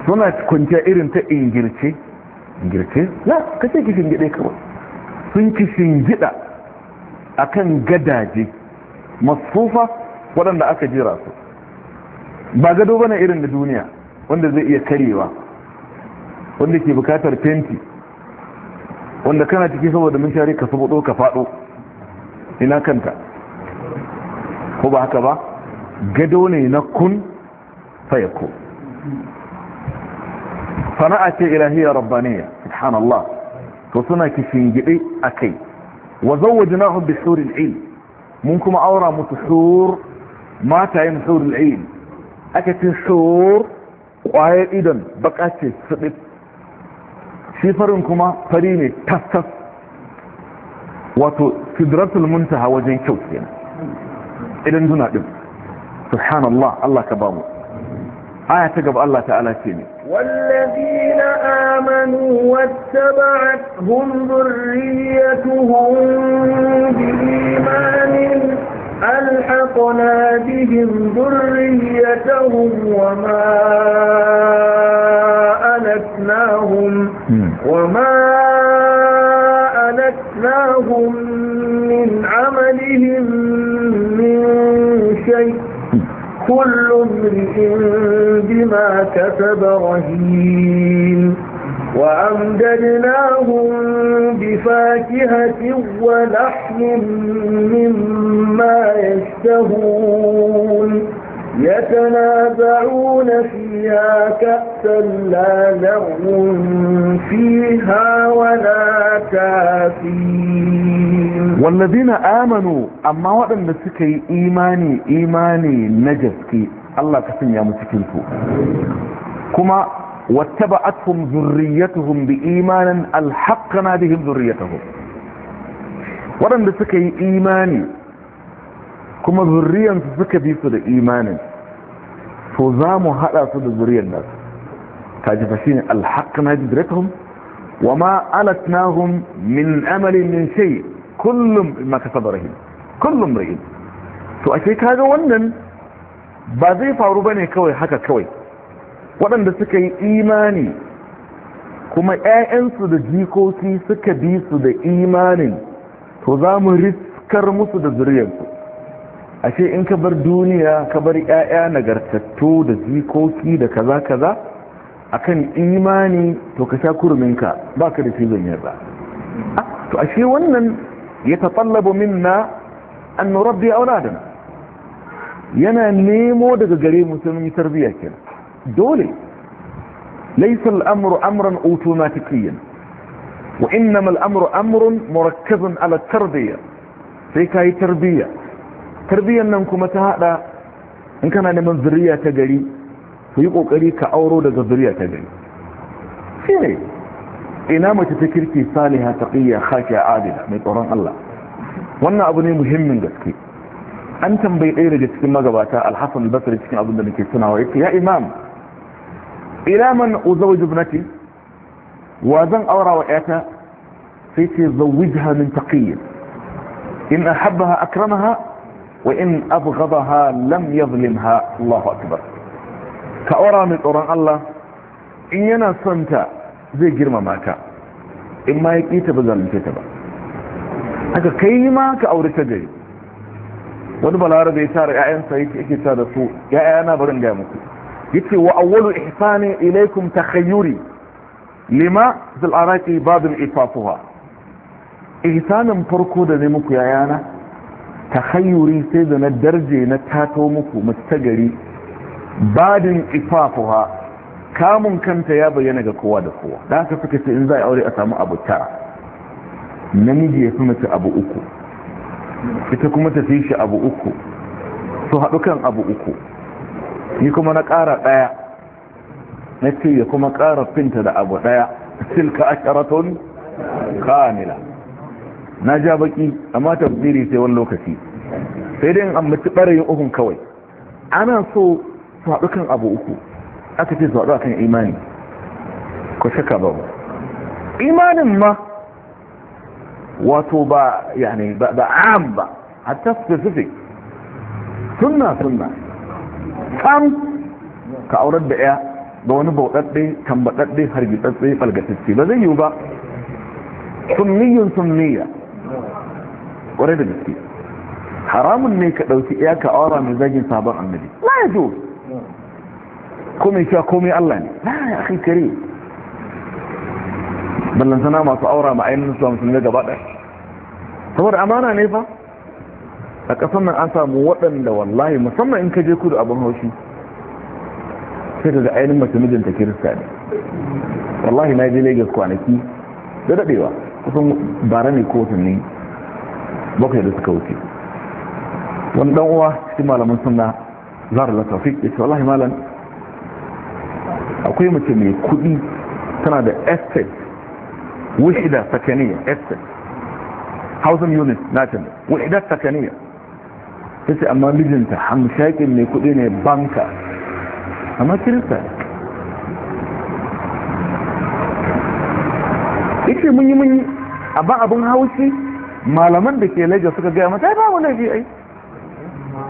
suna kwanciya irin ta ingirce ingirce ya kashe kishin gida kawai sun kishin gida kan gadaje masufa waɗanda aka jira su ba gado bane irin da duniya wanda zai iya karewa wanda ke bukatar fenti wanda kana ciki saboda mun share ka saboda ka fado ina kanta ko ba haka ba gado ne na kun fayako sana'a ce ilahiyya rabbaniya subhanallah to suna kishin gidi akai wa zawwajnahum bi huril ain mun kuma aura musu hur mata yin huril ain aka ce hur kwaye baka ce su shi farin kuma fari ne tas wato sidratul muntaha wajen kyau kenan idan zuna din subhanallah Allah ka bamu aya ta gaba Allah ta'ala ce ne والذين آمنوا imanin ذريتهم بإيمان ألحقنا بهم ذريتهم وما ألتناهم وما ألتناهم من عملهم من شيء كل امرئ بما كسب رهين وأمددناهم بفاكهة ولحم مما يشتهون يتنازعون فيها كأسا لا لغم فيها ولا كافين والذين آمنوا أما وأن سكي إيماني إيماني نجسكي الله كسن يا مسكنتو كما واتبعتهم ذريتهم بإيمان الحقنا بهم ذريتهم وأن سكي إيماني kuma zurriyansu suka bi su da imanin to za mu haɗa su da zurriyan nasu ta ji fashi ne alhaƙna jidratahum wa ma alatnahum min amalin min shay kullum ma kasaba rahim kullum rahim to ashe kaga wannan ba zai faru ba ne kawai haka kawai waɗanda suka yi imani kuma ƴaƴansu da jikoki suka bi su da imanin to za mu riskar musu da zuriyarsu a ce in ka bar duniya ka bar 'ya'ya nagartattu da zikoki da kaza kaza akan imani to ka sha kurminka ba ka da cizon yadda. Ah, to ashe wannan ya taɓallaba minna an rabbi auladana yana nemo daga gare musulmi tarbiyya kenan dole laifin al amuran automatikiyan wa innama al-amru amrun murakkabun ala tarbiyya sai ka yi tarbiyya tarbiyyar nan kuma ta hada in kana neman zuriya ta gari ku yi kokari ka auro daga zuriya ta gari shi ina mace ta kirki saliha taqiyya khafiya adila mai tsoron Allah wannan abu ne muhimmin gaske an tambayi ɗaya daga cikin magabata alhassan basri cikin abin da nake tunawa yake ya imam ila man uzawju ibnati wa zan aura wa yata sai ce zawijha min taqiyya in ahabbaha akramaha وإن أبغضها لم يظلمها الله أكبر كأورا من أوران الله إن ينا سنتا زي جرم ماتا إما يكيت بذل الكتبة haka kai ma ka aure ta gari wani balarabe ya tara ƴaƴansa yake ta da su ƴaƴana barin ga muku yace wa awwalu ihsani ilaykum takhayyuri lima zal araqi babun ifafuha ihsanin farko da ne muku ƴaƴana takhayyuri sai da na darje na tato muku mustagari badin ifafuha kamun kanta ya bayyana ga kowa da kowa da haka suka ce in za a aure a samu abu tara namiji ya fi mace abu uku ita kuma ta fi shi abu uku su haɗu kan abu uku ni kuma na ƙara ɗaya na ce ya kuma ƙara finta da abu ɗaya silka asharatun kamila na ja baki amma tafsiri sai wani lokaci sai dai an mutu barayin uhun kawai ana so su haɗu kan abu uku aka ce su haɗu akan imani ko shaka ba imanin ma wato ba yani ba am ba hatta specific sunna sunna sam ka aurar da ya ga wani bauɗaɗɗe harbi hargitsatse ɓalgatacce ba zai yiwu ba sunniyun sunniya Kware da gaske haramun ne ka ɗauki iya ka aura mai zagin sabon annabi na ya zo mai cewa komai Allah ne na ya kai kare ballantana masu aura ma ainihin suwa musulmi gaba ɗaya saboda amana ne fa a ƙasar nan an samu waɗanda wallahi musamman in ka je kudu abin haushi sai ka ga ainihin mace mijinta kirista ne wallahi na je lagos kwanaki da daɗewa kusan bara ne ko watanni bakwai da suka wuce wani dan uwa cikin malamin suna zara da tafi. ya ce wallahi malam akwai mace mai kudi tana da estate Wuhida sakaniya estate housing unit nation ne wahida sakaniya ta ce amma mijinta hamshakin mai kudi ne banka amma kirista ya ce mun yi mun yi a ba abin haushi malaman da ke lagos suka gaya mata ba mu laifi ai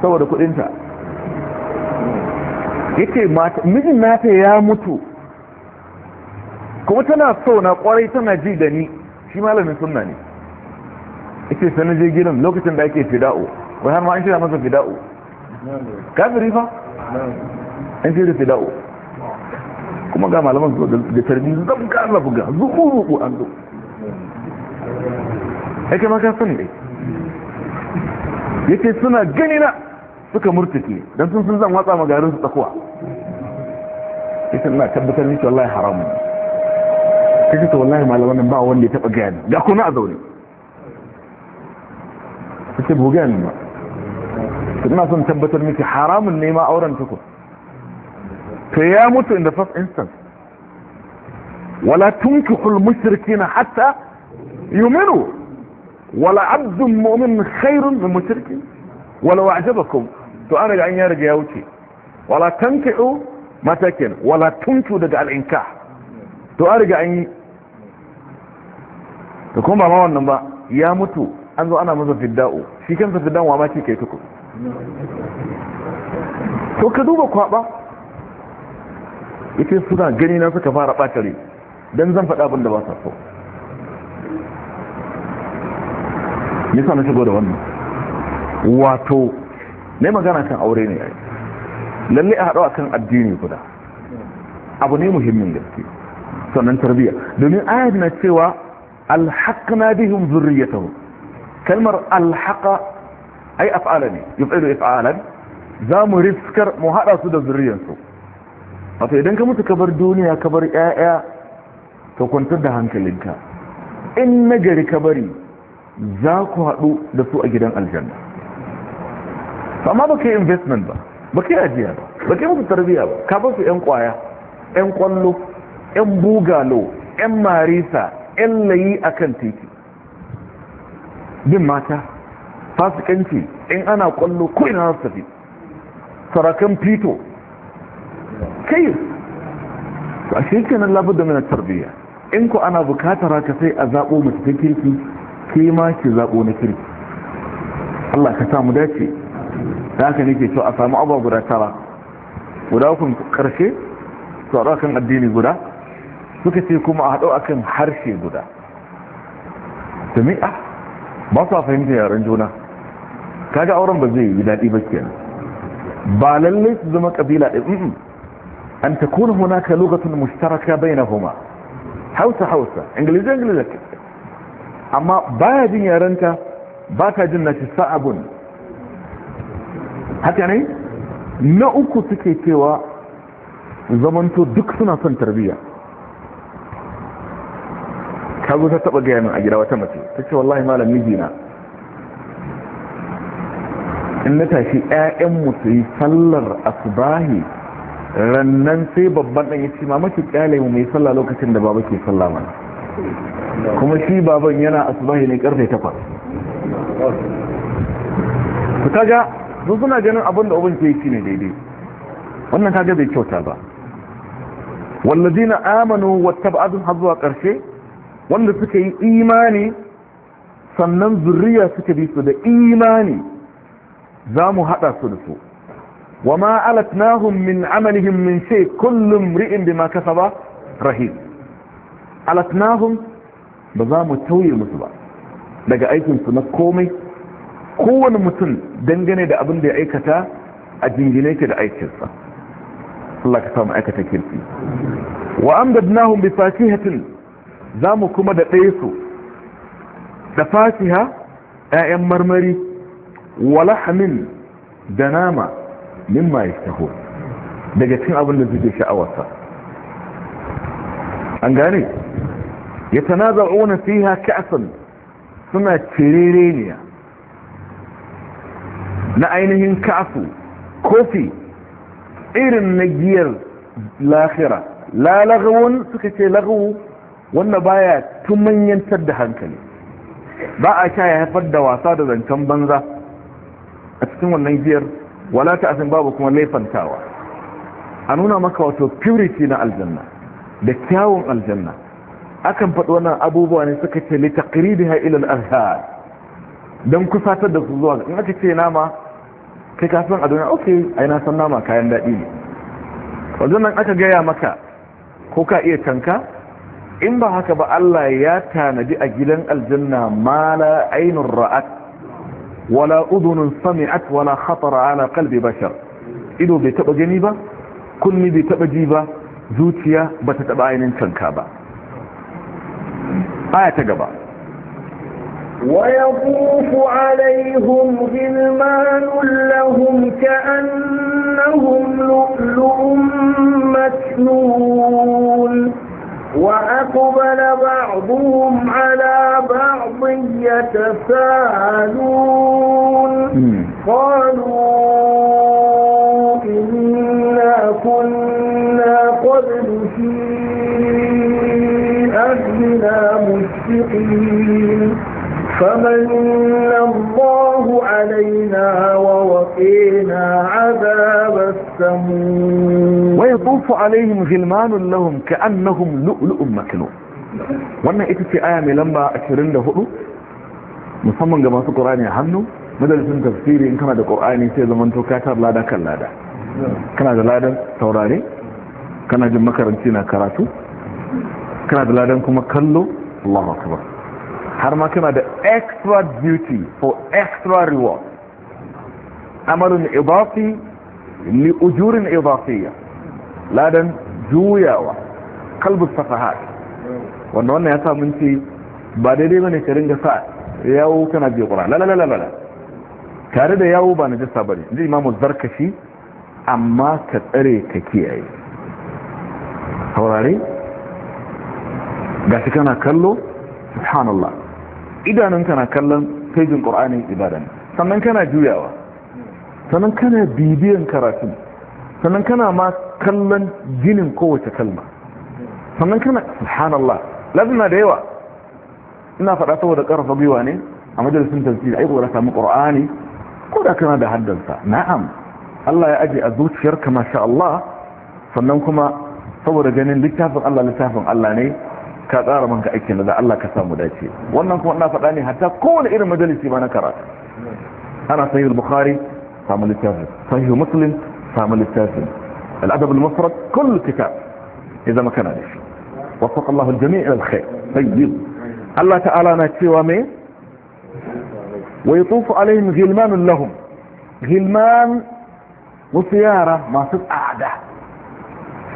saboda kudinta yake mijin nata ya mutu kuma tana so na kwarai tana ji da ni shi malamin sunna ne yake sanar je gidan lokacin da ake fida'o wai har ma an shirya masa fida'o kafiri fa an shirya fida'o kuma ga malaman su da tarbi zan kasa buga zuku ruku an zo haka ba ka sani ai yake suna gani na suka murtuke don sun sun zan watsa magarin su tsakuwa yake na tabbatar miki wallahi haramun kake ta wallahi malaman ba wanda ya taba gani ga kuna a zaune kake bugan ma ina sun tabbatar miki haramun ne ma auren tukun to ya mutu in the first instance ولا tunkihul المشركين حتى يؤمنوا wala abdun mu'min khairun min mushrik wala wa'jabakum to an riga an ya riga ya wuce wala tanki'u matakin wala tuntu daga al'inka to an riga an yi to kuma ba ma wannan ba ya mutu an zo ana masa fidda'u shi kansa fidda'u wa ma ce kai tuku to ka duba kwaba yake suna gani na suka fara ɓatare dan zan faɗa abin da ba sa so nisa na shigo da wannan wato ne magana kan aure ne yayi lalle a haɗu akan addini guda abu ne muhimmin gaske sannan tarbiyya domin ayat na cewa alhaqna bihim zurriyatahum kalmar alhaqa ai af'ala ne yuf'ilu if'alan za mu riskar mu hada su da zurriyansu wato idan ka mutu ka bar duniya ka bar 'ya'ya ka kwantar da hankalinka in nagari ka bari za ku haɗu da su a gidan aljanna amma ba ka yi investment ba ba ka yi ajiya ba ba ka yi musu tarbiyya ba ka ba su 'yan kwaya 'yan kwallo 'yan bugalo 'yan marisa 'yan layi a kan teki bin mata fasikanci in ana kwallo ko ina za su tafi sarakan fito kai a nan labar da mina tarbiyya in ku ana bukatar haka sai a zaɓo masu ta kirki ke ma ki zaɓo na kirki Allah ka samu dace da haka nake cewa a samu abuwa guda tara guda kun karshe su haɗu akan addini guda suka ce kuma a haɗu akan harshe guda domin a ah, ba su a fahimta yaren juna kaga auren ba zai yi daɗi ba kenan ba lallai su zama ƙabila ɗin an ta kuna hunaka lokacin mushtaraka bai na huma hausa hausa ingilizi ingilizi amma baya jin yarenka ba ka jin na ci sa'abun haka ne na uku suke cewa zamanto duk suna son tarbiyya ka zo ta taba gayanin a gida wata mace ta ce wallahi malam mijina in na tashi 'ya'yanmu su yi sallar asubahi rannan sai babban ɗan ya ce mamaki ƙyale mu mai sallah lokacin da baba ke sallah mana kuma shi baban yana asubahi ne karfe takwas ku kaga su suna ganin abinda abin ke yi ne daidai wannan kaga bai kyauta ba wallazina amanu ba har zuwa karshe wanda suka yi imani sannan zuriya suka bi su da imani za mu haɗa su da su wa ma nahu min amalihim min shay kullum ri'in kasa ba rahim alatnahum ba za mu tauye musu ba daga aikinsu na komai kowane mutum dangane da abin da ya aikata a jingine ke da aikinsa Allah ka samu aikata kirki wa amdadnahum bi fatihatin za mu kuma da ɗaya su da fatiha ‘ya'yan marmari wa lahamin da nama mimma yastahu daga cin abin da suke sha'awarsa an gane ya tanaza'una fiha ka'san suna cirereniya na ainihin kafu kofi irin na giyar lahira la suka ce lagawu wanda baya manyantar da hankali ba a sha ya haifar da wasa da zancen banza a cikin wannan giyar wala ta asin babu kuma laifantawa a nuna maka wato purity na aljanna da kyawun aljanna akan faɗi wannan abubuwa ne suka ce li taqribiha ila al-azhar dan kusatar da su zuwa in aka ce nama kai ka san a duniya okay ai na san nama kayan daɗi ne wanzan nan aka gaya maka ko ka iya canka in ba haka ba Allah ya tanadi a gidan aljanna ma ainun ra'at wala udunun sami'at wala khatara ala qalbi bashar ido bai taba gani ba kunni bai taba ji ba zuciya ba ta taɓa ainihin canka ba aya ta gaba ويطوف عليهم غلمان لهم كأنهم لؤلؤ مكنون وأقبل بعضهم على بعض يتساءلون قالوا إنا كنا قبل في أهلنا مشفقين فمن الله علينا ووقينا عذاب السموم ويطوف عليهم غلمان لهم كأنهم لؤلؤ مكنون wannan ita ce aya mai lamba 24 musamman ga masu ƙorani a hannu madalisun tafsiri in kana da ƙorani sai zamanto ka lada kan lada kana da ladan saurari. kana jin makaranci na karatu kana da ladan kuma kallo Allahu akbar har ma kana da extra duty for extra reward amalun idafi li ujurin idafiyya ladan juyawa kalbus safahat wannan wannan ya sa mun ce ba daidai bane ka ringa sa yawo kana bi qur'an la la la la tare da yawo ba jissa bane inji imamu zarkashi amma ka tsare ka kiyaye saurare ga shi kana kallo subhanallah idanun kana kallon fejin ƙor'ani ibada sannan kana juyawa sannan kana bibiyan karatun sannan kana ma kallon ginin kowace kalma sannan kana subhanallah lazina da yawa ina faɗa saboda ƙarfa gwiwa ne a majalisun tafi ai ko da samu ƙor'ani ko da kana da haddansa na'am Allah ya aje a zuciyarka masha Allah sannan kuma saboda ganin littafin Allah littafin Allah ne ka tsara manka aikin da Allah ka samu dace wannan kuma ina faɗa ne hatta kowane irin majalisi ma na karatu ana sahih al-bukhari samu littafin sahih muslim samu littafin al-adab al-mufrad kull kitab idan ma kana dashi wa wafaqa Allah al-jami' ila al-khair tayyib Allah ta'ala na cewa me wa yatufu alayhim ghilman lahum ghilman wa siyara masu tsada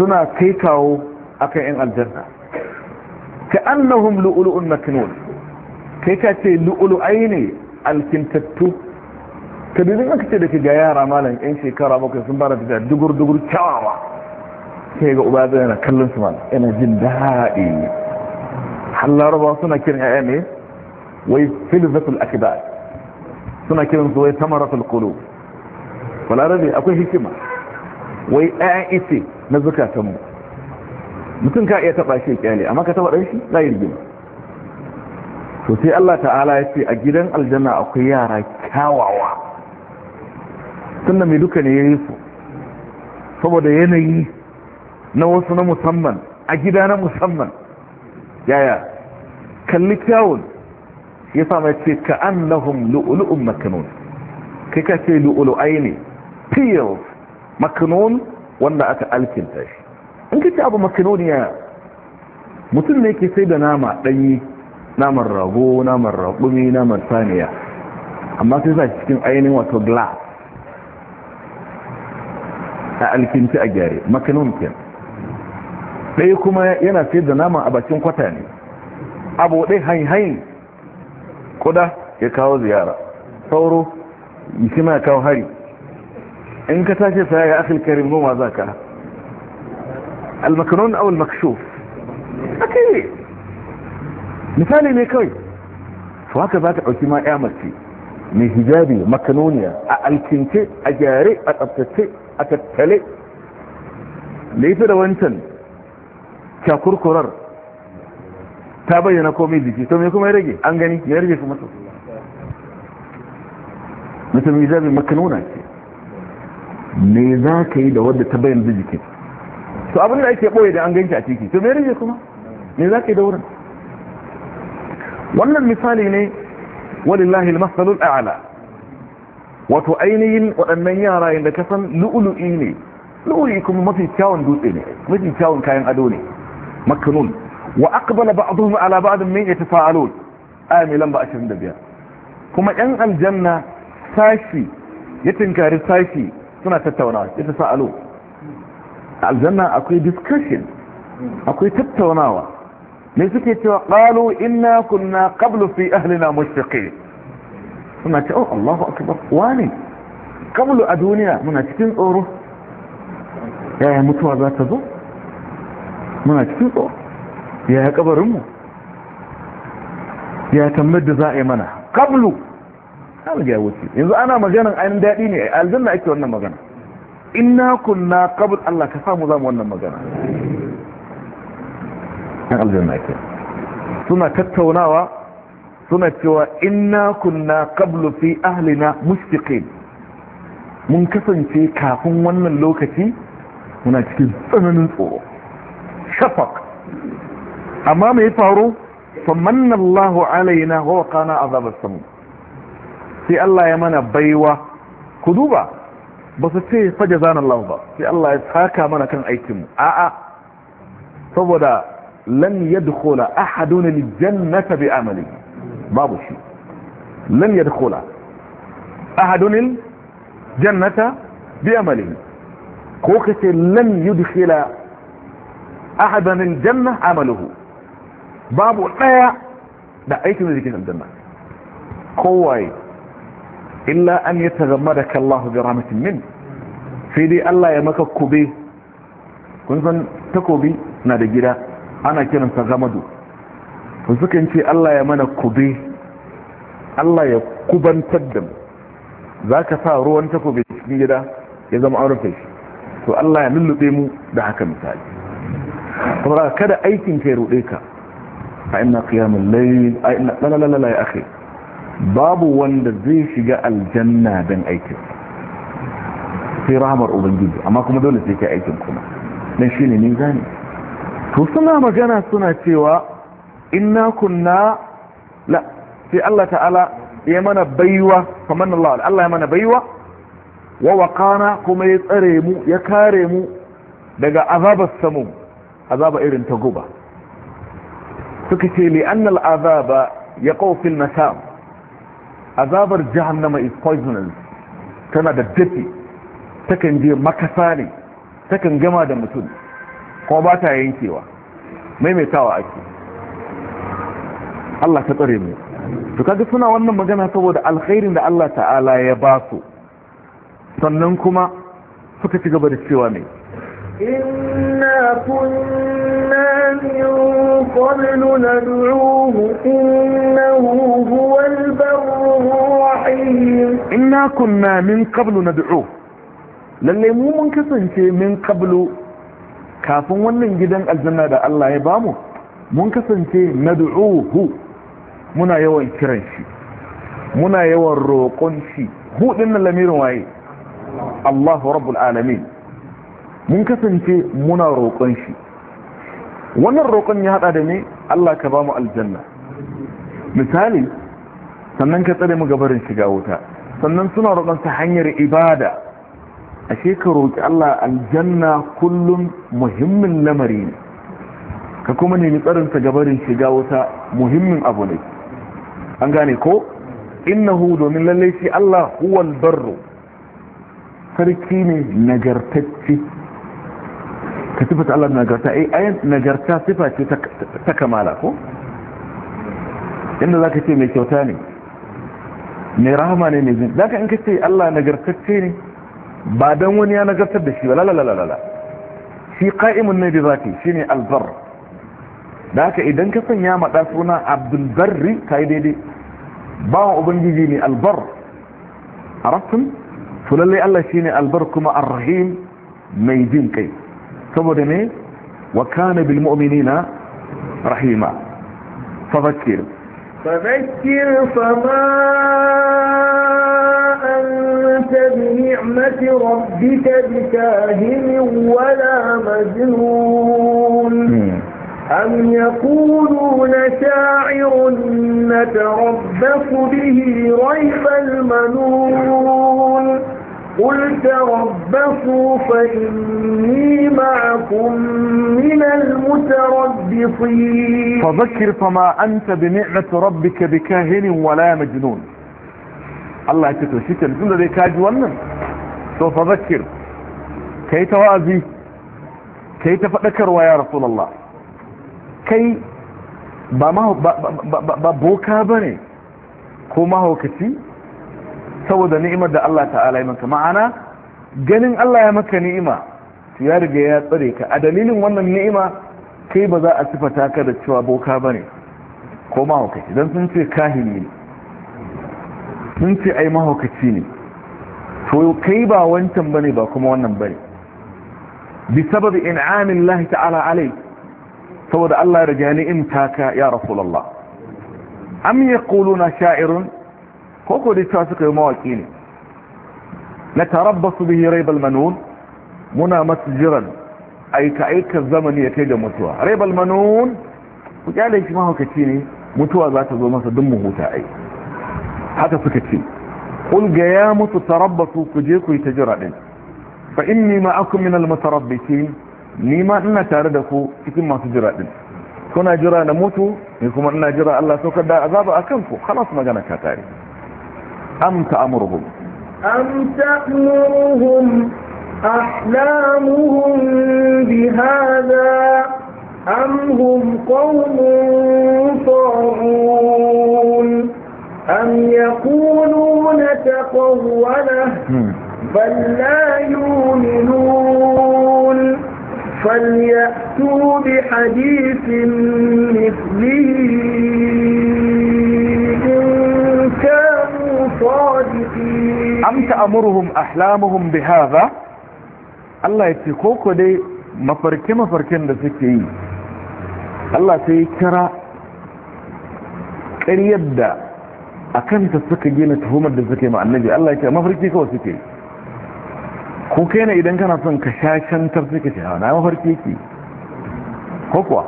suna kai kawo akan yan aljanna ka annahum lu'lu'un maknun kai ka ce lu'lu'ai ne alkintattu ka dubi aka ce da ke ga yara malam yan shekara bakwai sun bara da dugur dugur kyawawa sai ga uba zai yana kallon su malam yana jin daɗi har ba suna kiran ya'ya ne wai filzatul akibar suna kiran su wai samaratul qulub balarabe akwai hikima wai ɗayan ice na zukatanmu mutum ka iya taɓa shi kyale amma ka taɓa ɗan shi za yi rigima to sai Allah ta'ala ya ce a gidan aljanna akwai yara kyawawa tunda mai duka ne ya yi su saboda yanayi na wasu na musamman a gida na musamman yaya kalli kyawun ya sa mai ce ka an lahun lu'ulu'un makanun kai ka ce lu'ulu'ai ne pills makinon wanda aka alkinta shi in ka ce abu makinoniya mutum ne ke sai da nama ɗanyi naman rago naman raƙumi naman saniya amma sai sa cikin ainihin wato glass a alkinci a gyare makinon ken ɗaya kuma yana sai da nama a bakin kwata ne abu ɗai hain kuda ya kawo ziyara sauro yi shi kawo hari in ka tashi saya ga akil karim noma za ka almakanon awul makshuf akai misali ne kawai su haka za ka ɗauki ma ya mace mai hijabi makanoniya a alkince a gyare a tsabtace a tattale da ita da wancan kyakurkurar ta bayyana komai jiki to me kuma ya rage an gani ya rage kuma to mutum hijabi makanona ce me za ka yi da wadda ta bayan da jikin to abin da ake ɓoye da an ganki a ciki to me rage kuma me za ka yi da wurin wannan misali ne wani lahil masalul a'la wato ainihin waɗannan yara yin ka san lu'ulu'i ne lu'ulu'i kuma mafi kyawun dutse ne mafi kyawun kayan ado ne makanun wa aqbala ba'dhum ala ba'd min yatafa'alun aya mai lamba 25 kuma yan aljanna sashi ya tinkari sashi suna tattaunawa ita sa'alu aljanna akwai discussion akwai tattaunawa me suke cewa qalu inna kunna qablu fi ahlina mushfiqin suna ce oh Allahu akbar wani qablu a duniya muna cikin tsoro yaya mutuwa za ta zo muna cikin tsoro ya kabarin mu ya tambayar da za a yi mana qablu an wuce yanzu ana maganan ainihin daɗi ne aljanna ake wannan magana inna kunna qabl Allah ka samu zamu wannan magana kan aljanna ake suna tattaunawa suna cewa inna kunna qablu fi ahlina mushfiqin mun kasance kafin wannan lokaci muna cikin tsananin tsoro shafaq amma me ya faru famanna Allahu alaina wa qana azab as-samu sai Allah ya mana baiwa ku duba ba su ce faje zanen lahu ba sai Allah ya saka mana kan aikinmu a'a saboda lan yadkhula ahadun aljannata bai amali babu shi lan yadkhula ahadun aljannata bi amali ko kace lan yudkhila ahadan janna amaluhu babu daya da aikin da yake aljanna kowaye illa an yataghammadaka Allah bi rahmatin min sai dai Allah ya maka kube kun takobi na da gida ana kiransa gamadu to sukan ce Allah ya mana kube Allah ya kubantar da mu zaka sa ruwan takobi cikin gida ya zama auren kai to Allah ya lullube mu da haka misali kuma kada aikin kai rude ka fa inna qiyamul ya akhi babu wanda zai shiga aljanna don aikin sai rahamar ubangiji amma kuma dole sai ke aikin kuma don shi ne nizani to suna magana suna cewa inna kunna la sai Allah ta'ala ya mana baiwa kamar Allah Allah ya mana baiwa wa waqana kuma ya tsare mu ya kare mu daga azabar samu azaba irin ta guba suka ce li annal azaba ya fil masam azabar jahannama is poisonous tana da dafi takan je makasa ne takan gama da mutum kuma ba ta yankewa maimaitawa ake Allah ta tsare mu to kaga suna wannan magana saboda alkhairin da Allah ta'ala ya ba su sannan kuma suka ci gaba da cewa ne inna kunna min nad'uhu innahu inna kunna min qablu nad'u lalle mu mun kasance min qablu kafin wannan gidan aljanna da Allah ya bamu mun kasance nad'uhu muna yawan kiran shi muna yawan roƙon shi hu dinnan lamirin waye Allahu rabbul alamin mun kasance muna roƙon shi wannan roƙon ya hada da ne Allah ka bamu aljanna misali sannan ka tsare mu gabarin shiga wuta sannan suna roƙon ta hanyar ibada a shekaru roƙi Allah aljanna kullum muhimmin lamari ne ka kuma nemi tsarin ta gabarin shiga wuta muhimmin abu ne an gane ko innahu domin lalle shi Allah huwal barro sarki ne nagartacce ka sifata Allah nagarta eh ayan nagarta sifa ce ta kamala ko inda zaka ce mai kyauta ne mai rahama ne mai zin zaka in ka ce Allah nagartacce ne ba don wani ya nagartar da shi ba lalalalala shi ka'imun ne da zafi shi ne albar da haka idan ka ya maɗa suna abdulbarri ka yi daidai bawan ubangiji ne albar a rafin to Allah shi ne albar kuma arhim mai jin kai saboda ne wa kana bil rahima fa فذكر فما أنت بنعمة ربك بكاهن ولا مجنون أم يقولون شاعر نتربص به ريب المنون قل تربصوا فإني معكم من المتربصين فذكر فما أنت بنعمة ربك بكاهن ولا مجنون الله يتكلم شكرا لكم ذي كاجوانا سوف ذكر كي توازي كي تفكر ويا رسول الله كي ba ma ba boka bane ko mahaukaci saboda ni'imar da Allah ta'ala ya maka ma'ana ganin Allah ya maka ni'ima to ya riga ya tsare ka a dalilin wannan ni'ima kai ba za a sifata ka da cewa boka bane ko mahaukaci don sun ce kahini ne sun ce ai mahaukaci ne to kai ba wancan bane ba kuma wannan bane bi sababi in'amin Allah ta'ala alai saboda Allah ya riga ni'imta ka ya rasulullah am yaquluna sha'irun ko ko cewa suka yi mawaƙi ne na tarabbasu bihi raibal manun muna masu jiran aika aika zamani ya kai ga mutuwa raibal manun ku kyale shi mahaukaci ne mutuwa za ta zo masa dun mu huta ai haka suka ce kul ga ya mutu tarabbasu ku je ku yi ta jira din fa inni ma'akum min al-mutarabbisin ni ma ina tare da ku cikin masu jira din kuna jira na mutu ni kuma ina jira Allah saukar da azaba akan ku khalas magana ka tare أم تأمرهم أم تأمرهم أحلامهم بهذا أم هم قوم طاغون أم يقولون تقوله بل لا يؤمنون فليأتوا بحديث مثله صادقين أم تأمرهم أحلامهم بهذا الله يتكوكو دي mafarki mafarkin da suke yi Allah sai ya kira ƙaryar da a kanta suka gina tuhumar da suke ma'annabi Allah ya kira mafarki kawai suke ko kai na idan kana son ka shashantar suke ce na mafarki ki ko kuwa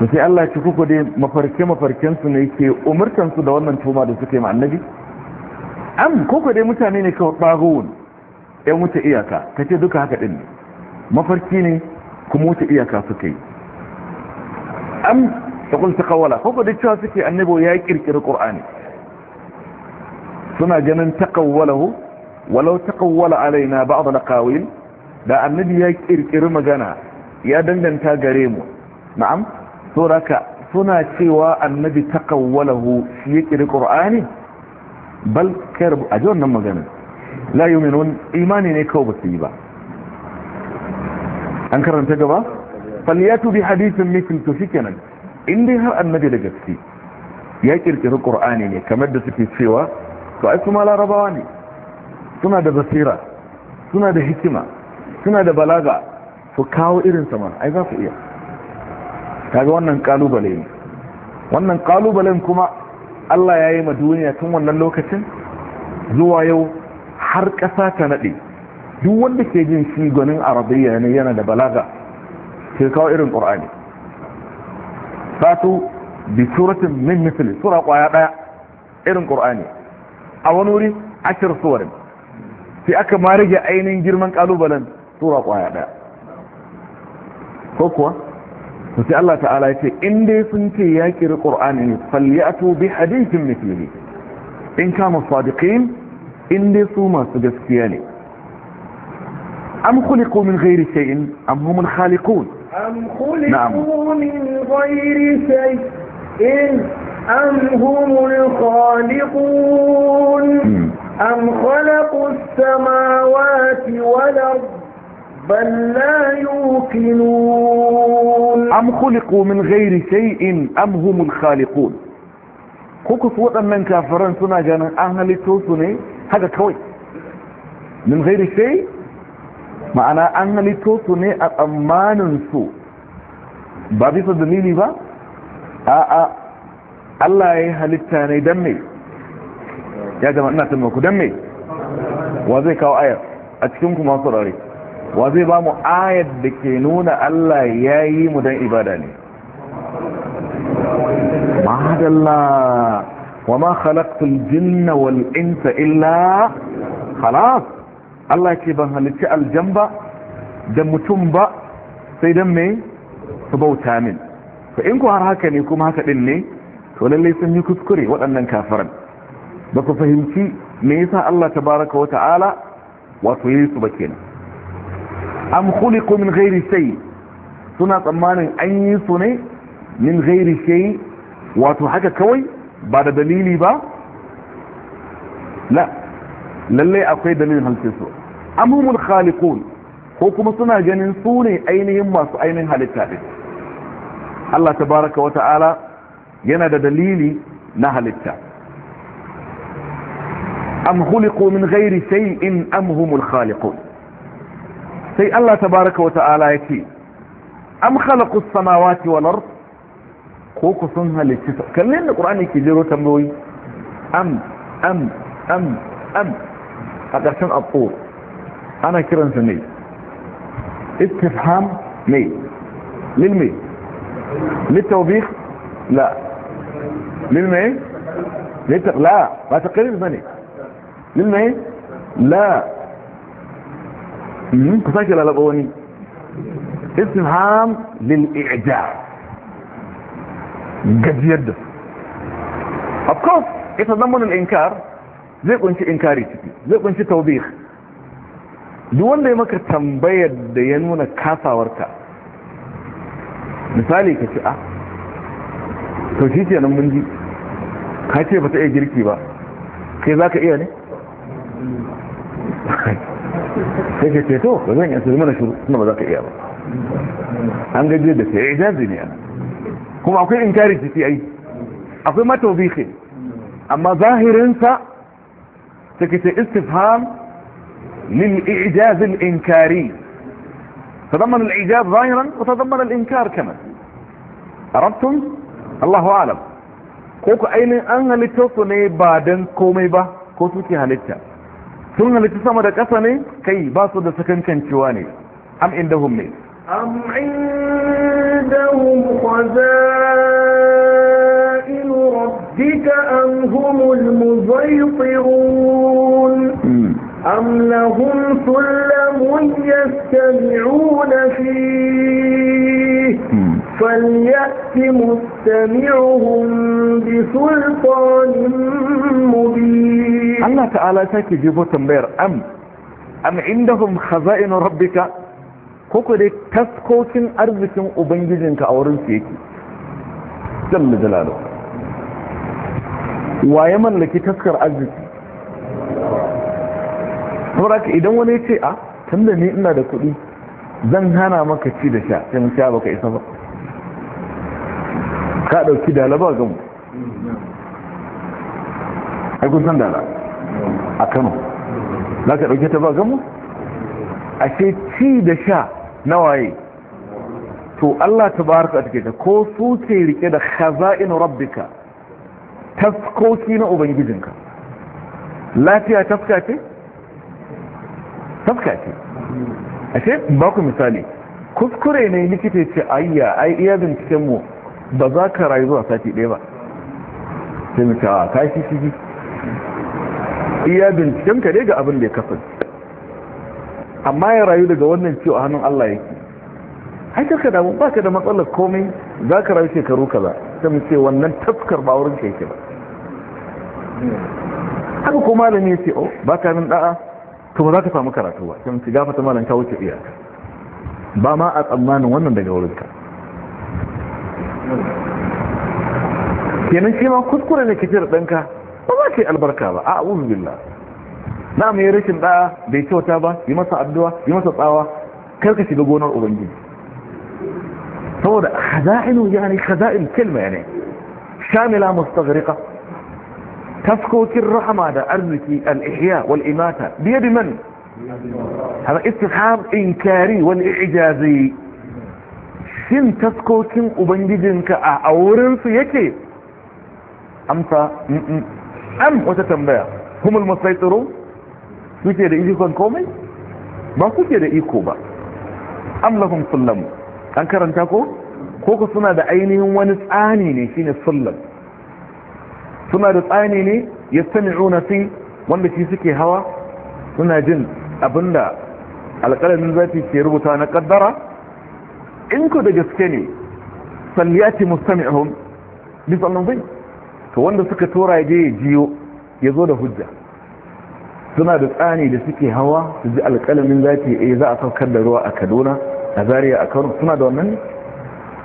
to sai Allah ya ci kuku dai mafarki mafarkinsu ne ke umurtansu da wannan tuhuma da suke ma'annabi an koko dai mutane ne kawai ɓagowun, ‘yan wuce iyaka ta ce duka haka ɗin ne mafarki ne kuma wuce iyaka suka yi am da ta kawala koko dai cewa suke annabo ya ƙirƙiri ƙur'ani suna ganin taƙawwalahu walau taƙawwala alaina ba a da da annabi ya ƙirƙiri magana ya danganta gare mu na'am sauraka suna cewa annabi hu shi ya ƙirƙiri ƙur'ani bal kai rabu a ji wannan magana la yi minun imani ne kawai basu yi ba an karanta gaba falliyatu bi hadithin mitin to shi kenan in har annabi da gaske ya kirkiri qur'ani ne kamar da suke cewa to ai kuma larabawa ne suna da basira suna da hikima suna da balaga su kawo irin sama ai za su iya kaga wannan kalubale ne wannan kalubalen kuma Allah ya yi ma duniya tun wannan lokacin zuwa yau har ƙasa ta naɗe duk wanda ke jin shi gwanin arabiya ne yana da balaga ke kawo irin ƙorani sato bi suratun min misali sura ƙwaya ɗaya irin ƙorani a wani wuri ashir suwarin sai aka ma rage ainihin girman ƙalubalen sura ƙwaya ɗaya ko kuwa to sai Allah ta'ala ya ce in dai sun ce ya kiri qur'ani falyatu bi hadithin mithlihi in kama sadiqin in dai su masu gaskiya ne am khuliqu min ghairi shay'in am hum al khaliqun am khuliqu min ghairi shay'in am hum al khaliqun am khalaqu as samawati wal ardh بل لا يوكلون أم خلقوا من غير شيء أم هم الخالقون خوكس وطن من كافران سنة جانا أهنا لتوسوني هذا كوي من غير شيء ما أنا أهنا لتوسوني أمان سوء بابي صدنيني با آآ الله يهل التاني دمي يا جماعة نتمنى كو دمي وزيك أو آية أتكمكم أصر عليك wa zai ba mu ayat da ke nuna Allah ya yi mu don ibada ne ma'adalla wa ma khalaqtul jinna illa khalas Allah ke ban halicci aljan ba da mutum ba sai don me su bauta min to in ku har haka ne kuma haka ɗin ne to lallai sun yi kuskure waɗannan kafaran. ba ku fahimci me yasa Allah baraka wa ta'ala wato yi su ba kenan am khuliqu min ghairi shay suna tsammanin an yi su ne min ghairi shay wato haka kawai ba da dalili ba la lalle akwai dalilin halitta su amhumul khaliqun ko kuma suna ganin su ne ainihin masu ainihin halitta din Allah tabaraka wa ta'ala yana da dalili na halitta am khuliqu min ghairi shay'in am humul khaliqun sai Allah tabaraka wa ta'ala ya ce am khalaqu samawati wal ard ko ku sun halicci kallon da qur'ani ke jero tambayoyi am am am am a ƙarshen abu ana kiransa ne istifham ne lilme littaubik la lilme la ba ta ƙarir ba ne lilme la ku sake lalaba wani istifham lil i'jab gajiyar da of course ita zaman al-inkar zai kunshi inkari ciki zai kunshi tawbih duk wanda ya maka tambayar da ya nuna kasawarka misali ka ce a to shi ke nan ka ce ba ta iya girki ba kai za ka iya ne sai ka ce to ba zan yi asali mana shuru suna ba za ka iya ba an gaji da sai ijazi ne kuma akwai inkari ta ai akwai matobihi amma zahirinsa ta ke ce istifham lil ijaz zahiran ko ta zama ظاهرا inkar الإنكار a أردتم allahu alam ko ku ainihin an halitta su ne ba don komai ba ko suke halitta sun halitta sama da ƙasa ne kai ba su da sakankancewa ne am indahum ne am indahum khaza'in rabbika am humul muzaytirun am lahum sulamun yastami'una fihi فليأت مستمعهم بسلطان مبين Allah ta'ala ta ke jibo tambayar am am indahum khaza'inu rabbika ko ku dai taskokin arzikin ubangijinka a wurin su yake jalla jalalu waye mallaki taskar arziki saboda idan wani ya ce a ah, tunda ni ina da kuɗi zan hana maka ci da sha sai sha baka isa ba ka ɗauki dalaba ga mu ai kun san dalaba a kano za ka ɗauke ta ba gamu a ce ci da sha na waye to allah ta ba harka take ta ko su ce rike da khaza'in rabbika taskoki na ubangijinka lafiya tafka ce? tafka ce a ce ba ku misali kuskure ne likita ce ayya ai iya bincikenmu ba za ka rayu zuwa sati ɗaya ba sai mutawa ta shi shi shi iya binciken ka dai ga abin da ya kasance amma ya rayu daga wannan ciwo a hannun Allah yake ai ka damu ba ka da matsalar komai za ka rayu shekaru kaza ta mace wannan tafkar ba wurin ka yake ba haka ko malami ya ce o oh, ba ka min da'a to ba za ka samu karatu ba ta mu ci gafata malam ka wuce iyaka ba ma a tsammanin wannan daga wurin ka kenan shi ma kuskure ne ka ce da ɗanka البركة هذا آه، اعوذ بالله نعم يا ريتن بقى بيتوتا با يمسى ادوا يمسى طاوا كركتي بغونر اورنجي هو ده خزائن يعني خزائن كلمه يعني شامله مستغرقه تفكوك الرحمه ده ارضك الاحياء والاماته بيد من هذا استفهام انكاري والاعجازي شن تفكوك اوبنجينك اورنس يكي امسى am wata tambaya humul musaitiru suke da ikon komai ba suke da iko ba am lahum sullam an karanta ko ku suna da ainihin wani tsani ne suna da tsani ne yastami'una fi wanda shi suke hawa suna jin abinda alƙalamin zafi ke rubuta na kaddara in ku da gaske ne salliyati mustami'uhum bi sallan zai to wanda suka tora ya je ya jiyo ya zo da hujja suna da tsani da suke hawa su ji alƙalamin za ta yi eh, za a saukar da ruwa a kaduna a zariya a kano suna da wannan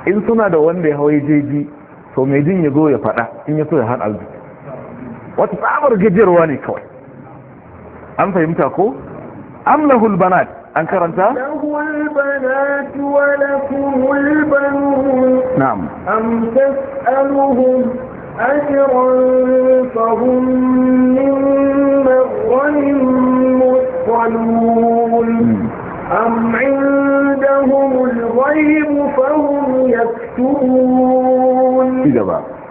in suna da wanda ya hawa ya je ji to mai jin ya zo ya faɗa in ya so ya hana arziki wata tsamar gajiyarwa ne kawai an fahimta ko amlahul banat an karanta lahul banat wa lakumul banun na'am am tas'aluhum أجرا فهم من مغرم مثقلون أم عندهم الغيب فهم يكتبون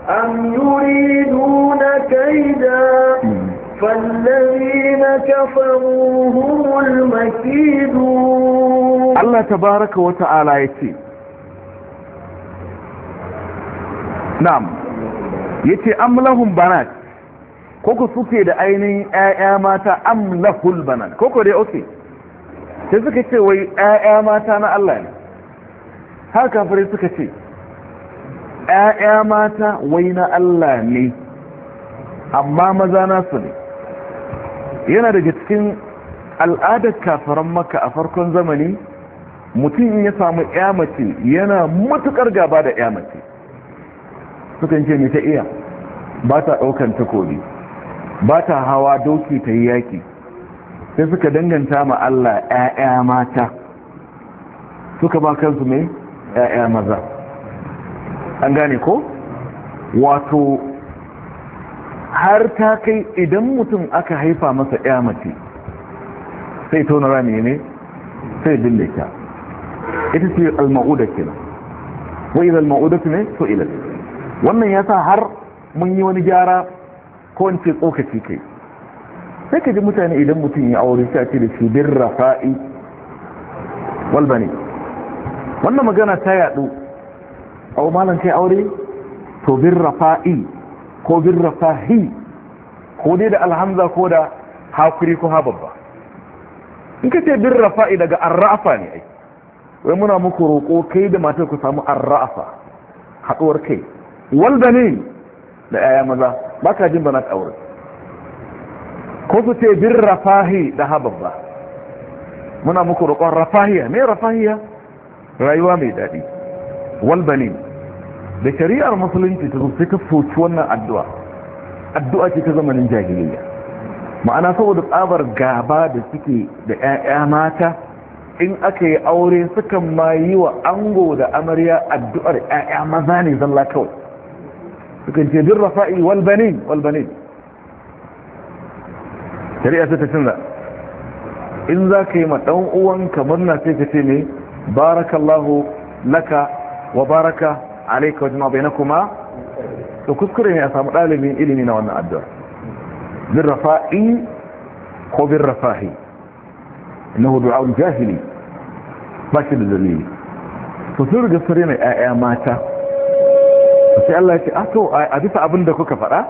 أم يريدون كيدا فالذين كفروا هم المكيدون الله تبارك وتعالى يتي نعم Ya ce amlahun banat koko suke da ainihin ya'ya mata amlahul banat koko dai ok sai suka ce wai ya'ya mata na Allah ne har fari suka ce ya'ya mata wai na Allah ne amma maza nasu ne yana daga cikin al'adar kafaran maka a farkon zamani mutum ya samu ya mace yana matukar gaba da 'ya mace sukan ce mai ta iya ba ta ɗaukan takobi ba ta hawa doki ta yi yaki sai suka danganta ma Allah ‘ya'ya mata suka ba kansu mai ‘ya'ya maza an gane ko wato har ta kai idan mutum aka haifa masa ‘ya mace sai tona rami ne sai dillata ita ce al-ma'uda kina wa al ne to ilata wannan ya sa har mun yi wani gyara ko in ce tsokaci kai sai ka ji mutane idan mutum ya aure sha ce da shi bin rafa'i ne wannan magana ta yadu a malam kai aure to bin rafa'i ko bin rafahi ko dai da alhamza ko da hakuri ko babba in ka ce bin rafa'i daga arrafa ne ai wai muna muku roƙo kai da matar ku samu arrafa haɗuwar kai Walbanin da yaya maza ba ka jin bana aure ko su ce bin rafahi da hababba muna muku roƙon rafahiya me rafahiya rayuwa mai daɗi Walbanin da shari'ar musulunci ta zo ta soci wannan addu'a addu'a ce ta zamanin jahiliyya ma'ana saboda tsabar gaba da suke da 'ya'ya mata in aka yi aure sukan ma yi wa ango da amarya addu'ar ƴaƴa maza ne zalla kawai sukan ce bin rafa'i wal banin wal banin ta canza in ka yi ma dan uwanka murna sai ce ne barakallahu laka wa baraka alaika wajen abu yana kuma da kuskure ne a samu ɗalibin ilimi na wannan addu'ar bin rafa'i ko bin rafahi jahili ba shi da dalili mai 'ya'ya mata sai Allah ya ce ah, a to bisa abin da kuka faɗa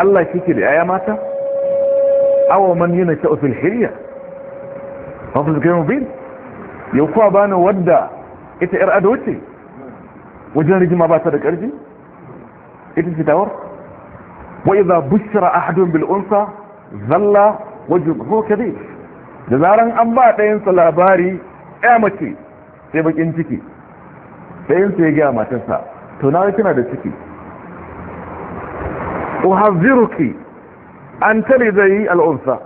Allah shi ke da yaya mata awa man yana ce ofil hiriya ba su mubin yau kuwa bani wadda ita yar ado ce wajen rigima ba ta da ƙarfi ita ce tawar wa idza bushira ahadun bil unsa zalla wajhuhu kadhib da zaran an ba ɗayan sa labari ya mace sai bakin ciki sai yin sai ya ga matarsa to na kina da ciki uhazziruki an tare zai yi al'unsa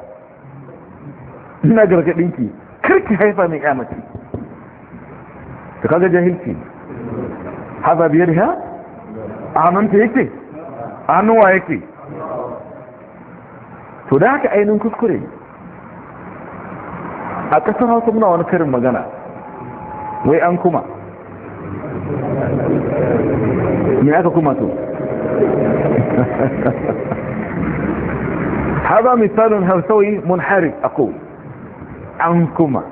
ina gargaɗinki karki haifa mai ƙyamaci ta kaga jahilci haza biyar ha a hannunta yake a hannuwa yake to da haka ainihin kuskure a ƙasar hausa muna wani karin magana wai an kuma me aka kuma to هذا مثال هرسوي منحرف أقول عنكما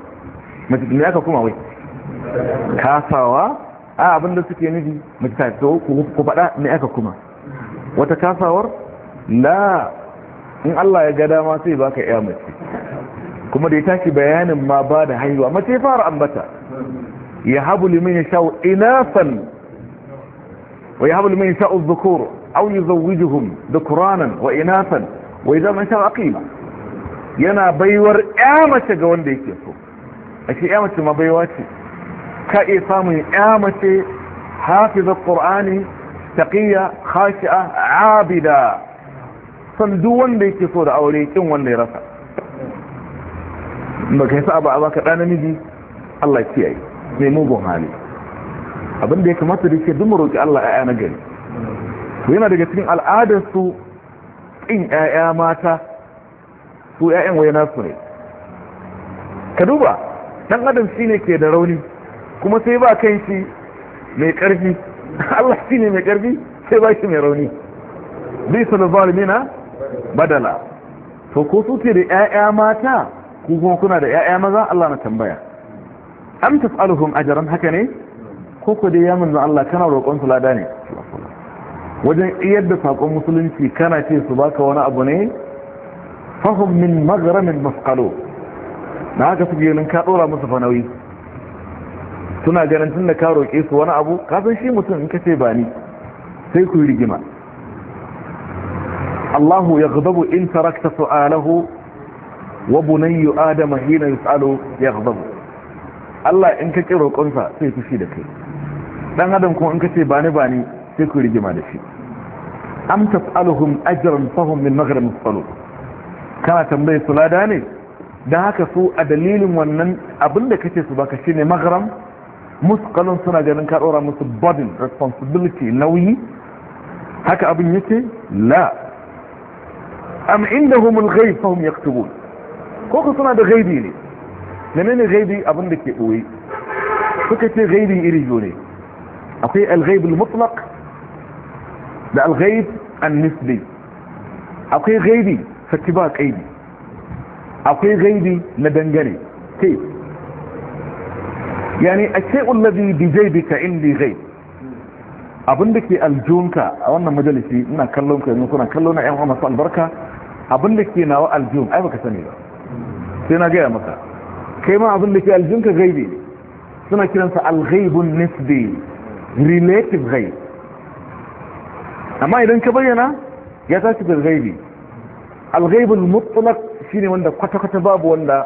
me aka kuma wai kafawa a abinda suke nufi misali to ku faɗa me aka kuma wata kafawar la in Allah ya ga dama sai baka iya mace kuma da ya tashi bayanin ma ba da haihuwa mace fara ambata يهب لمن يشاء إناثا ويهب لمن يشاء الذكور أو يزوجهم ذكرانا وإناثا وإذا ما شاء أقيمة ينا بيور إعامة قوان ديك يسو أشي إعامة ما بيواتي كإصام إعامة حافظ القرآن تقية خاشعه عابدة صندوان ديك يسو دا أولي كنوان رفع مكيسا أبا أباك الآن نجي الله يتيعي mai mugun hali abinda ya kamata da ke duma roƙi Allah ‘ya'ya na gari to yana daga cikin al'adarsu in ‘ya'ya mata su ‘ya'yan wai nasu ne ka duba ɗan adam shi ne ke da rauni kuma sai ba kai shi mai ƙarfi Allah shi ne mai ƙarfi sai ba shi mai rauni zai su da zalimina badala to ko su ke da ‘ya'ya mata ku kuma kuna da ‘ya'ya maza Allah na tambaya am tas'aluhum ajran haka ne ko ko dai ya manzo Allah kana roƙon su lada ne wajen iyar da sakon musulunci kana ce su baka wani abu ne fahum min maghramin masqalu na haka su gelin ka dora musu fanawi suna ganin tun da ka roƙe su wani abu kafin shi mutum in ka ce ba ni sai ku rigima Allahu yaghdabu in tarakta su'alahu wa bunayyu adama hina yus'alu Allah in ka ƙi roƙonsa sai fushi da kai ɗan adam kuma in ka ce bani bani sai ku rigima da shi am tas'aluhum ajran fahum min maghrim as-salu kana tambaye su lada ne dan haka su a dalilin wannan abinda kace su baka shine maghram musqalun suna ganin ka dora musu burden responsibility nauyi haka abin yake la am indahum al fahum yaktubun ko ku suna da ghaibi ne menene gaibi abin da ke ɓoye suka ce gaibin iri biyu ne akwai alghaib al-mutlaq da alghaib an-nisbi akwai gaibi saki ba gaibi akwai gaibi na dangane ke yani ashay'ul ladhi bi jaybika indi ghaib abinda ke aljunka a wannan majalisi ina kallon ka yanzu kuna kallon na ƴan uwa masu albarka abinda ke nawa aljun ai baka sani ba sai na gaya maka kai ma abin da ke aljinka gaibi ne suna kiransa alghaibun nisbi relative ghaib amma idan ka bayyana ya tashi da gaibi. alghaibun mutlaq shine wanda kwata-kwata babu wanda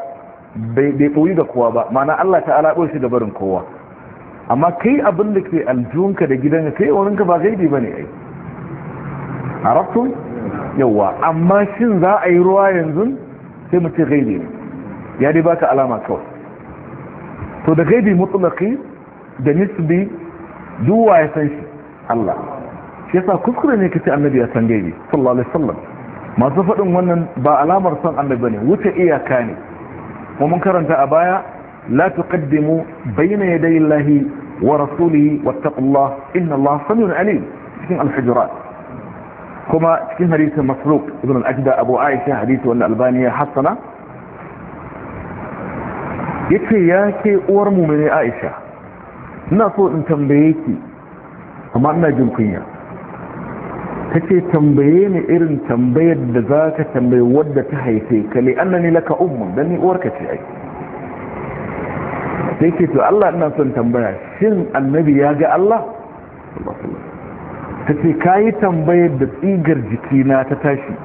bai koyi ga kowa ba ma'ana Allah ta'ala ɓoye shi barin kowa amma kai abin da ke aljinka da gidanka kai wurinka ba gaibi ba ne ai a yawa amma shin za a yi ruwa yanzu sai mu ce gaibi ne ya dai baka alama kawai to da gaibi mutlaki da nisbi duwa ya san shi Allah shi yasa kuskure ne kace annabi ya san gaibi sallallahu alaihi wasallam masu faɗin wannan ba alamar san annabi bane wuce iyaka ne mu mun karanta a baya la tuqaddimu bayna yaday Allahi wa rasulihi wattaqullah inna Allah samiyun alim cikin al kuma cikin hadisin masruq ibn al-ajda abu aisha hadisi wanda albani ya hassana ce ya ke uwar mu ne Aisha ina so in tambaye ki amma ina jin kunya ce tambaye ni irin tambayar da za ka tambaye wadda ta haife ka li annani laka ummun dan ni uwar ka ce ai sai ce to Allah ina son tambaya shin annabi ya ga Allah ta ce ka yi tambayar da tsigar jikina ta tashi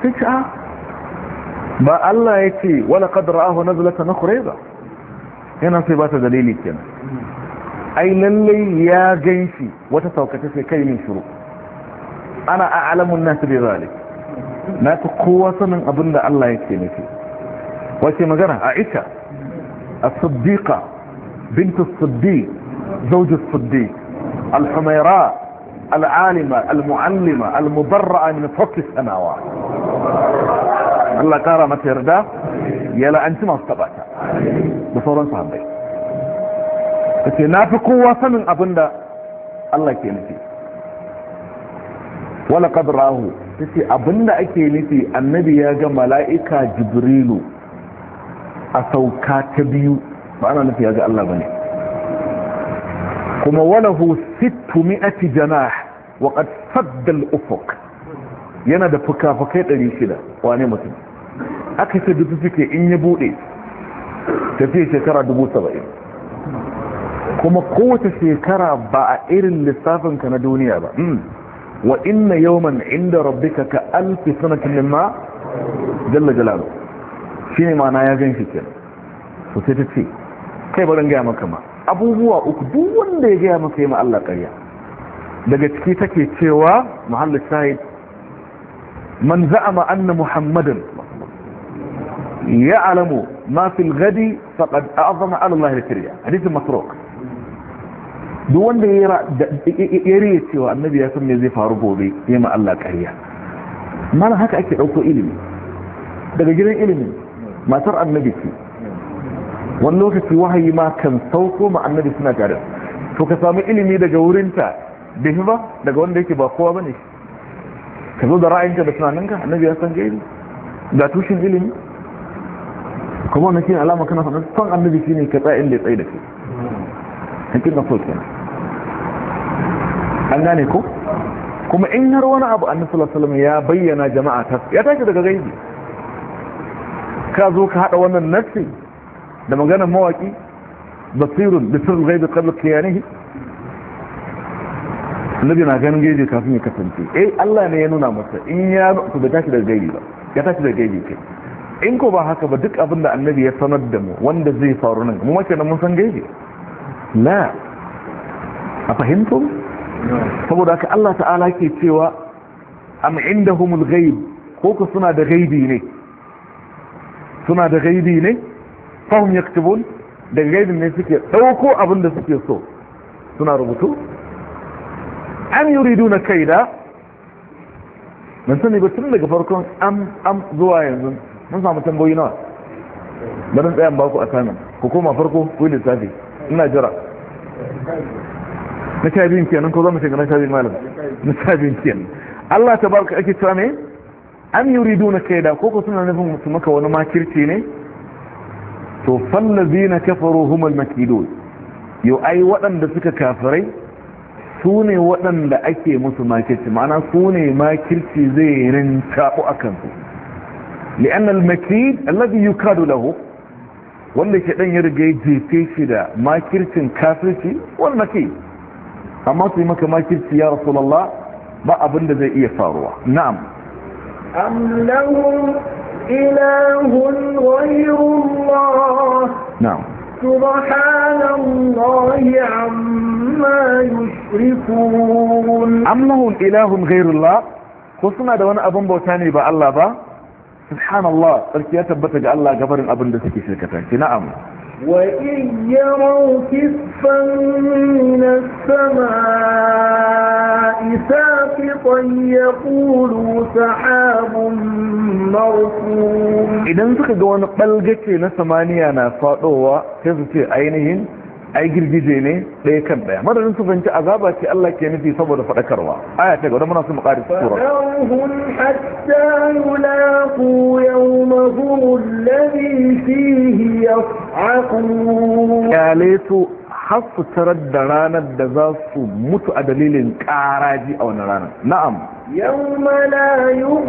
sai ce a ah, ba Allah ya ce wala qad ra'ahu nazlatan ukhra yana sai ba ta dalili kenan ai lalle ya ganshi wata saukata sai kai min shiru ana a'lamun nas bi zalik na ta kowa sanin abin da Allah yake nufi wace magana Aisha as-siddiqa bint as-siddiq زوج الصديق الحميراء العالمة المعلمة المبرأة من فوق السماوات Allah kara mata yarda ya la'anci masu tabata da sauran sahabbai ce na fi kowa sanin abin da Allah ke nufi wala ta ce abin da ake nufi annabi ya ga mala'ika jibrilu a sauka ta biyu ba ana nufi ya ga Allah bane kuma wala sittu mi'ati janah wa qad saddal al-ufuq yana da fuka-fukai 600 wane mutum aka sai dutu suke in ya bude tafiye shekara dubu saba'in kuma kowace shekara ba a irin lissafinka na duniya ba hmm. wa inna yawman inda rabbika ka alfi sanatin mimma jalla jalalu ma'ana ya gan shi sai ta ce kai barin gaya maka ma abubuwa uku duk wanda ya gaya maka yi ma Allah ƙarya daga ciki take cewa muhallin shahid man za'ama anna muhammadin يعلم ما في الغد فقد أعظم على الله الكريا حديث مسروق دون ya سوى النبي يسمي زي فاربو بي يما الله كريا ما لها هكا أكي عوكو إلمي daga gidan ilimin matar annabi wani lokaci wahayi ma kan sauko ma annabi suna tare to ka samu ilimi daga wurinta da shi ba daga wanda yake ba kowa bane ka zo da ra'ayinka da tunaninka annabi ya san gairi ga tushen ilimi kuma wannan shine alama kana sanar son annabi shine ka tsaya inda ya tsaye da kai hakika so kenan an gane ko kuma in har wani abu annabi sallallahu alaihi ya bayyana jama'a ta ya tashi daga gaibi ka zo ka hada wannan nafsi da maganar mawaki basirun da sirrul gaibi qabla kiyanihi annabi na ganin gaibi kafin ya kasance eh Allah ne ya nuna masa in ya ku da tashi daga gaibi ba ya tashi daga gaibi kai in ko ba haka ba duk abin da annabi ya sanar da mu wanda zai faru nan mu mace nan mun san gaje la a fahimtum saboda haka Allah ta'ala ke cewa am indahumul ghaib ko ku suna da ghaibi ne suna da ghaibi ne fahum yaktubun da ghaibi ne suke dauko abin da suke so suna rubutu am yuriduna kaida mun sani ba tun daga farkon am am zuwa yanzu mun samu tambayoyi nawa bari tsayan ba ku assignment ku koma farko ku yi lissafi ina jira na sha biyun kenan ko zama shiga na sha biyun malam na sha biyun kenan Allah ta barka ake cewa me rido na kaida ko ko suna nufin su maka wani makirci ne to fallazina kafaru humul makidun yo ai waɗanda suka kafirai su ne waɗanda ake musu makirci ma'ana su ne makirci zai rinta akan su. لأن المكيد الذي يكاد له wanda ke dan ya riga ya jefe shi da makircin kafirci wal maki amma su yi maka makirci ya rasulallah ba abin da zai iya faruwa na'am am lahum ilahun ghayrullah na'am subhanallahi amma yushrikun am lahum ilahun ghayrullah ko suna da wani abin bauta ne ba Allah ba سبحان الله تركيا تبتا الله قبر الابن في سكي شركتك نعم وإن يروا كفا من السماء ساقطا يقولوا سحاب مرسوم إذا نسخ قوان بلغة نسمانيانا فاطوة كيف تي عينهن ai girgije ne ɗaya kan ɗaya madadin su fahimci azaba ce Allah ke nufi saboda faɗakarwa aya ta gaba muna su muƙari su tura fa'ahun hatta yulaqu yawmahum alladhi fihi har su tarar da ranar da za su mutu a dalilin ƙaraji a wani ranar na'am يوم لا an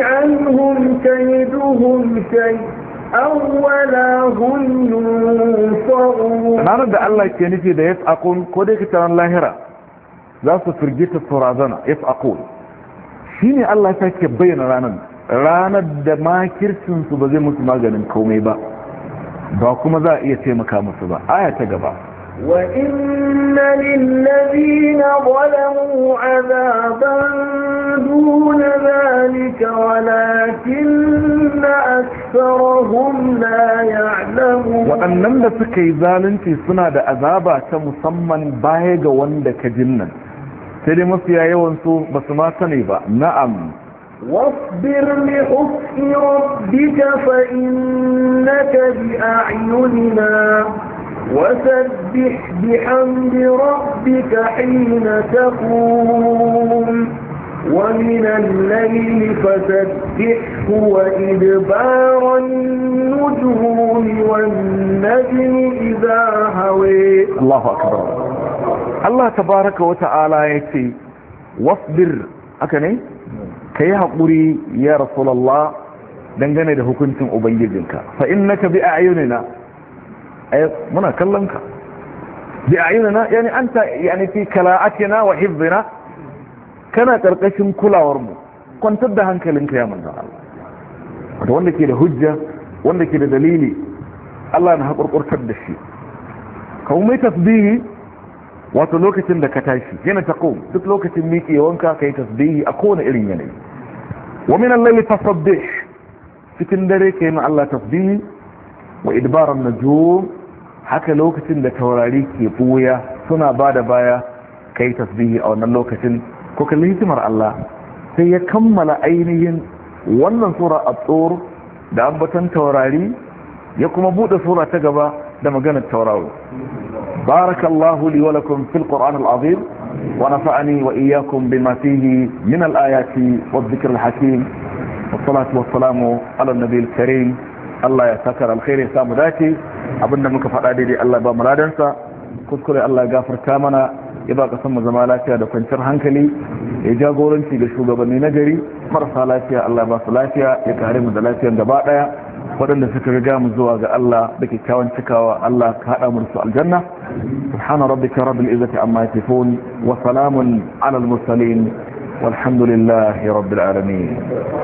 عنهم كيدهم شيئا ranar da Allah ke nufi da akun ko dai ka lahira za su firgita yaf akun shi ne Allah ya sake bayyana ranar ranar da makircinsu ba zai musu maganin komai ba ba kuma za a iya taimaka musu ba aya ta gaba وإن للذين ظلموا عذابا دون ذلك ولكن أكثرهم لا يعلمون وأنم لسكي ذالنتي سنة أذابا كمسمى بايق وندك جنة تلي مصيا يوانسو بس ما تنيبا نعم واصبر لحكم ربك فإنك بأعيننا وسبح بحمد ربك حين تقوم ومن الليل فسبحه وإدبار النجوم والنجم إذا هوي الله أكبر الله تبارك وتعالى يتي واصبر أكني كي هقري يا رسول الله dangane da hukuncin ubangijinka fa innaka bi a'yunina muna kallon ka bi ayyuna yani anta yani fi kala'atina wa hifdina kana karkashin kulawar mu kwantar da hankalinka ya manzo Allah wato wanda ke da hujja wanda ke da dalili Allah na hakurkurtar da shi kawo mai tasbihi wato lokacin da ka tashi yana ta duk lokacin miƙewanka ka yi tasbihi a kowane irin yanayi wa min allahi tasabbih cikin dare ka yi ma Allah tasbihi wa idbaran najum haka lokacin da taurari ke buya suna ba da baya kai tasbihi a wannan lokacin ko kalli hikimar Allah sai ya kammala ainihin wannan sura a tsor da ambatan taurari ya kuma bude sura ta gaba da maganar taurari barakallahu li wa lakum fil qur'an al-azim wa nafa'ani wa iyyakum bima fihi min al-ayati wadh-dhikr al-hakim والصلاة والسلام على النبي الكريم Allah ya saka alkhairi ya samu dace abinda muka faɗa daidai Allah ba muradansa kuskure Allah ya gafarta mana ya ba ka mu zama lafiya da kwanciyar hankali ya jagoranci ga shugabanni na gari marasa lafiya Allah ba su lafiya ya kare mu da lafiyar gaba daya waɗanda suka riga mu zuwa ga Allah da kyakkyawan cikawa Allah ka haɗa mu su aljanna subhana rabbika rabbil izzati amma yasifun wa salamun ala al mursalin والحمد لله رب العالمين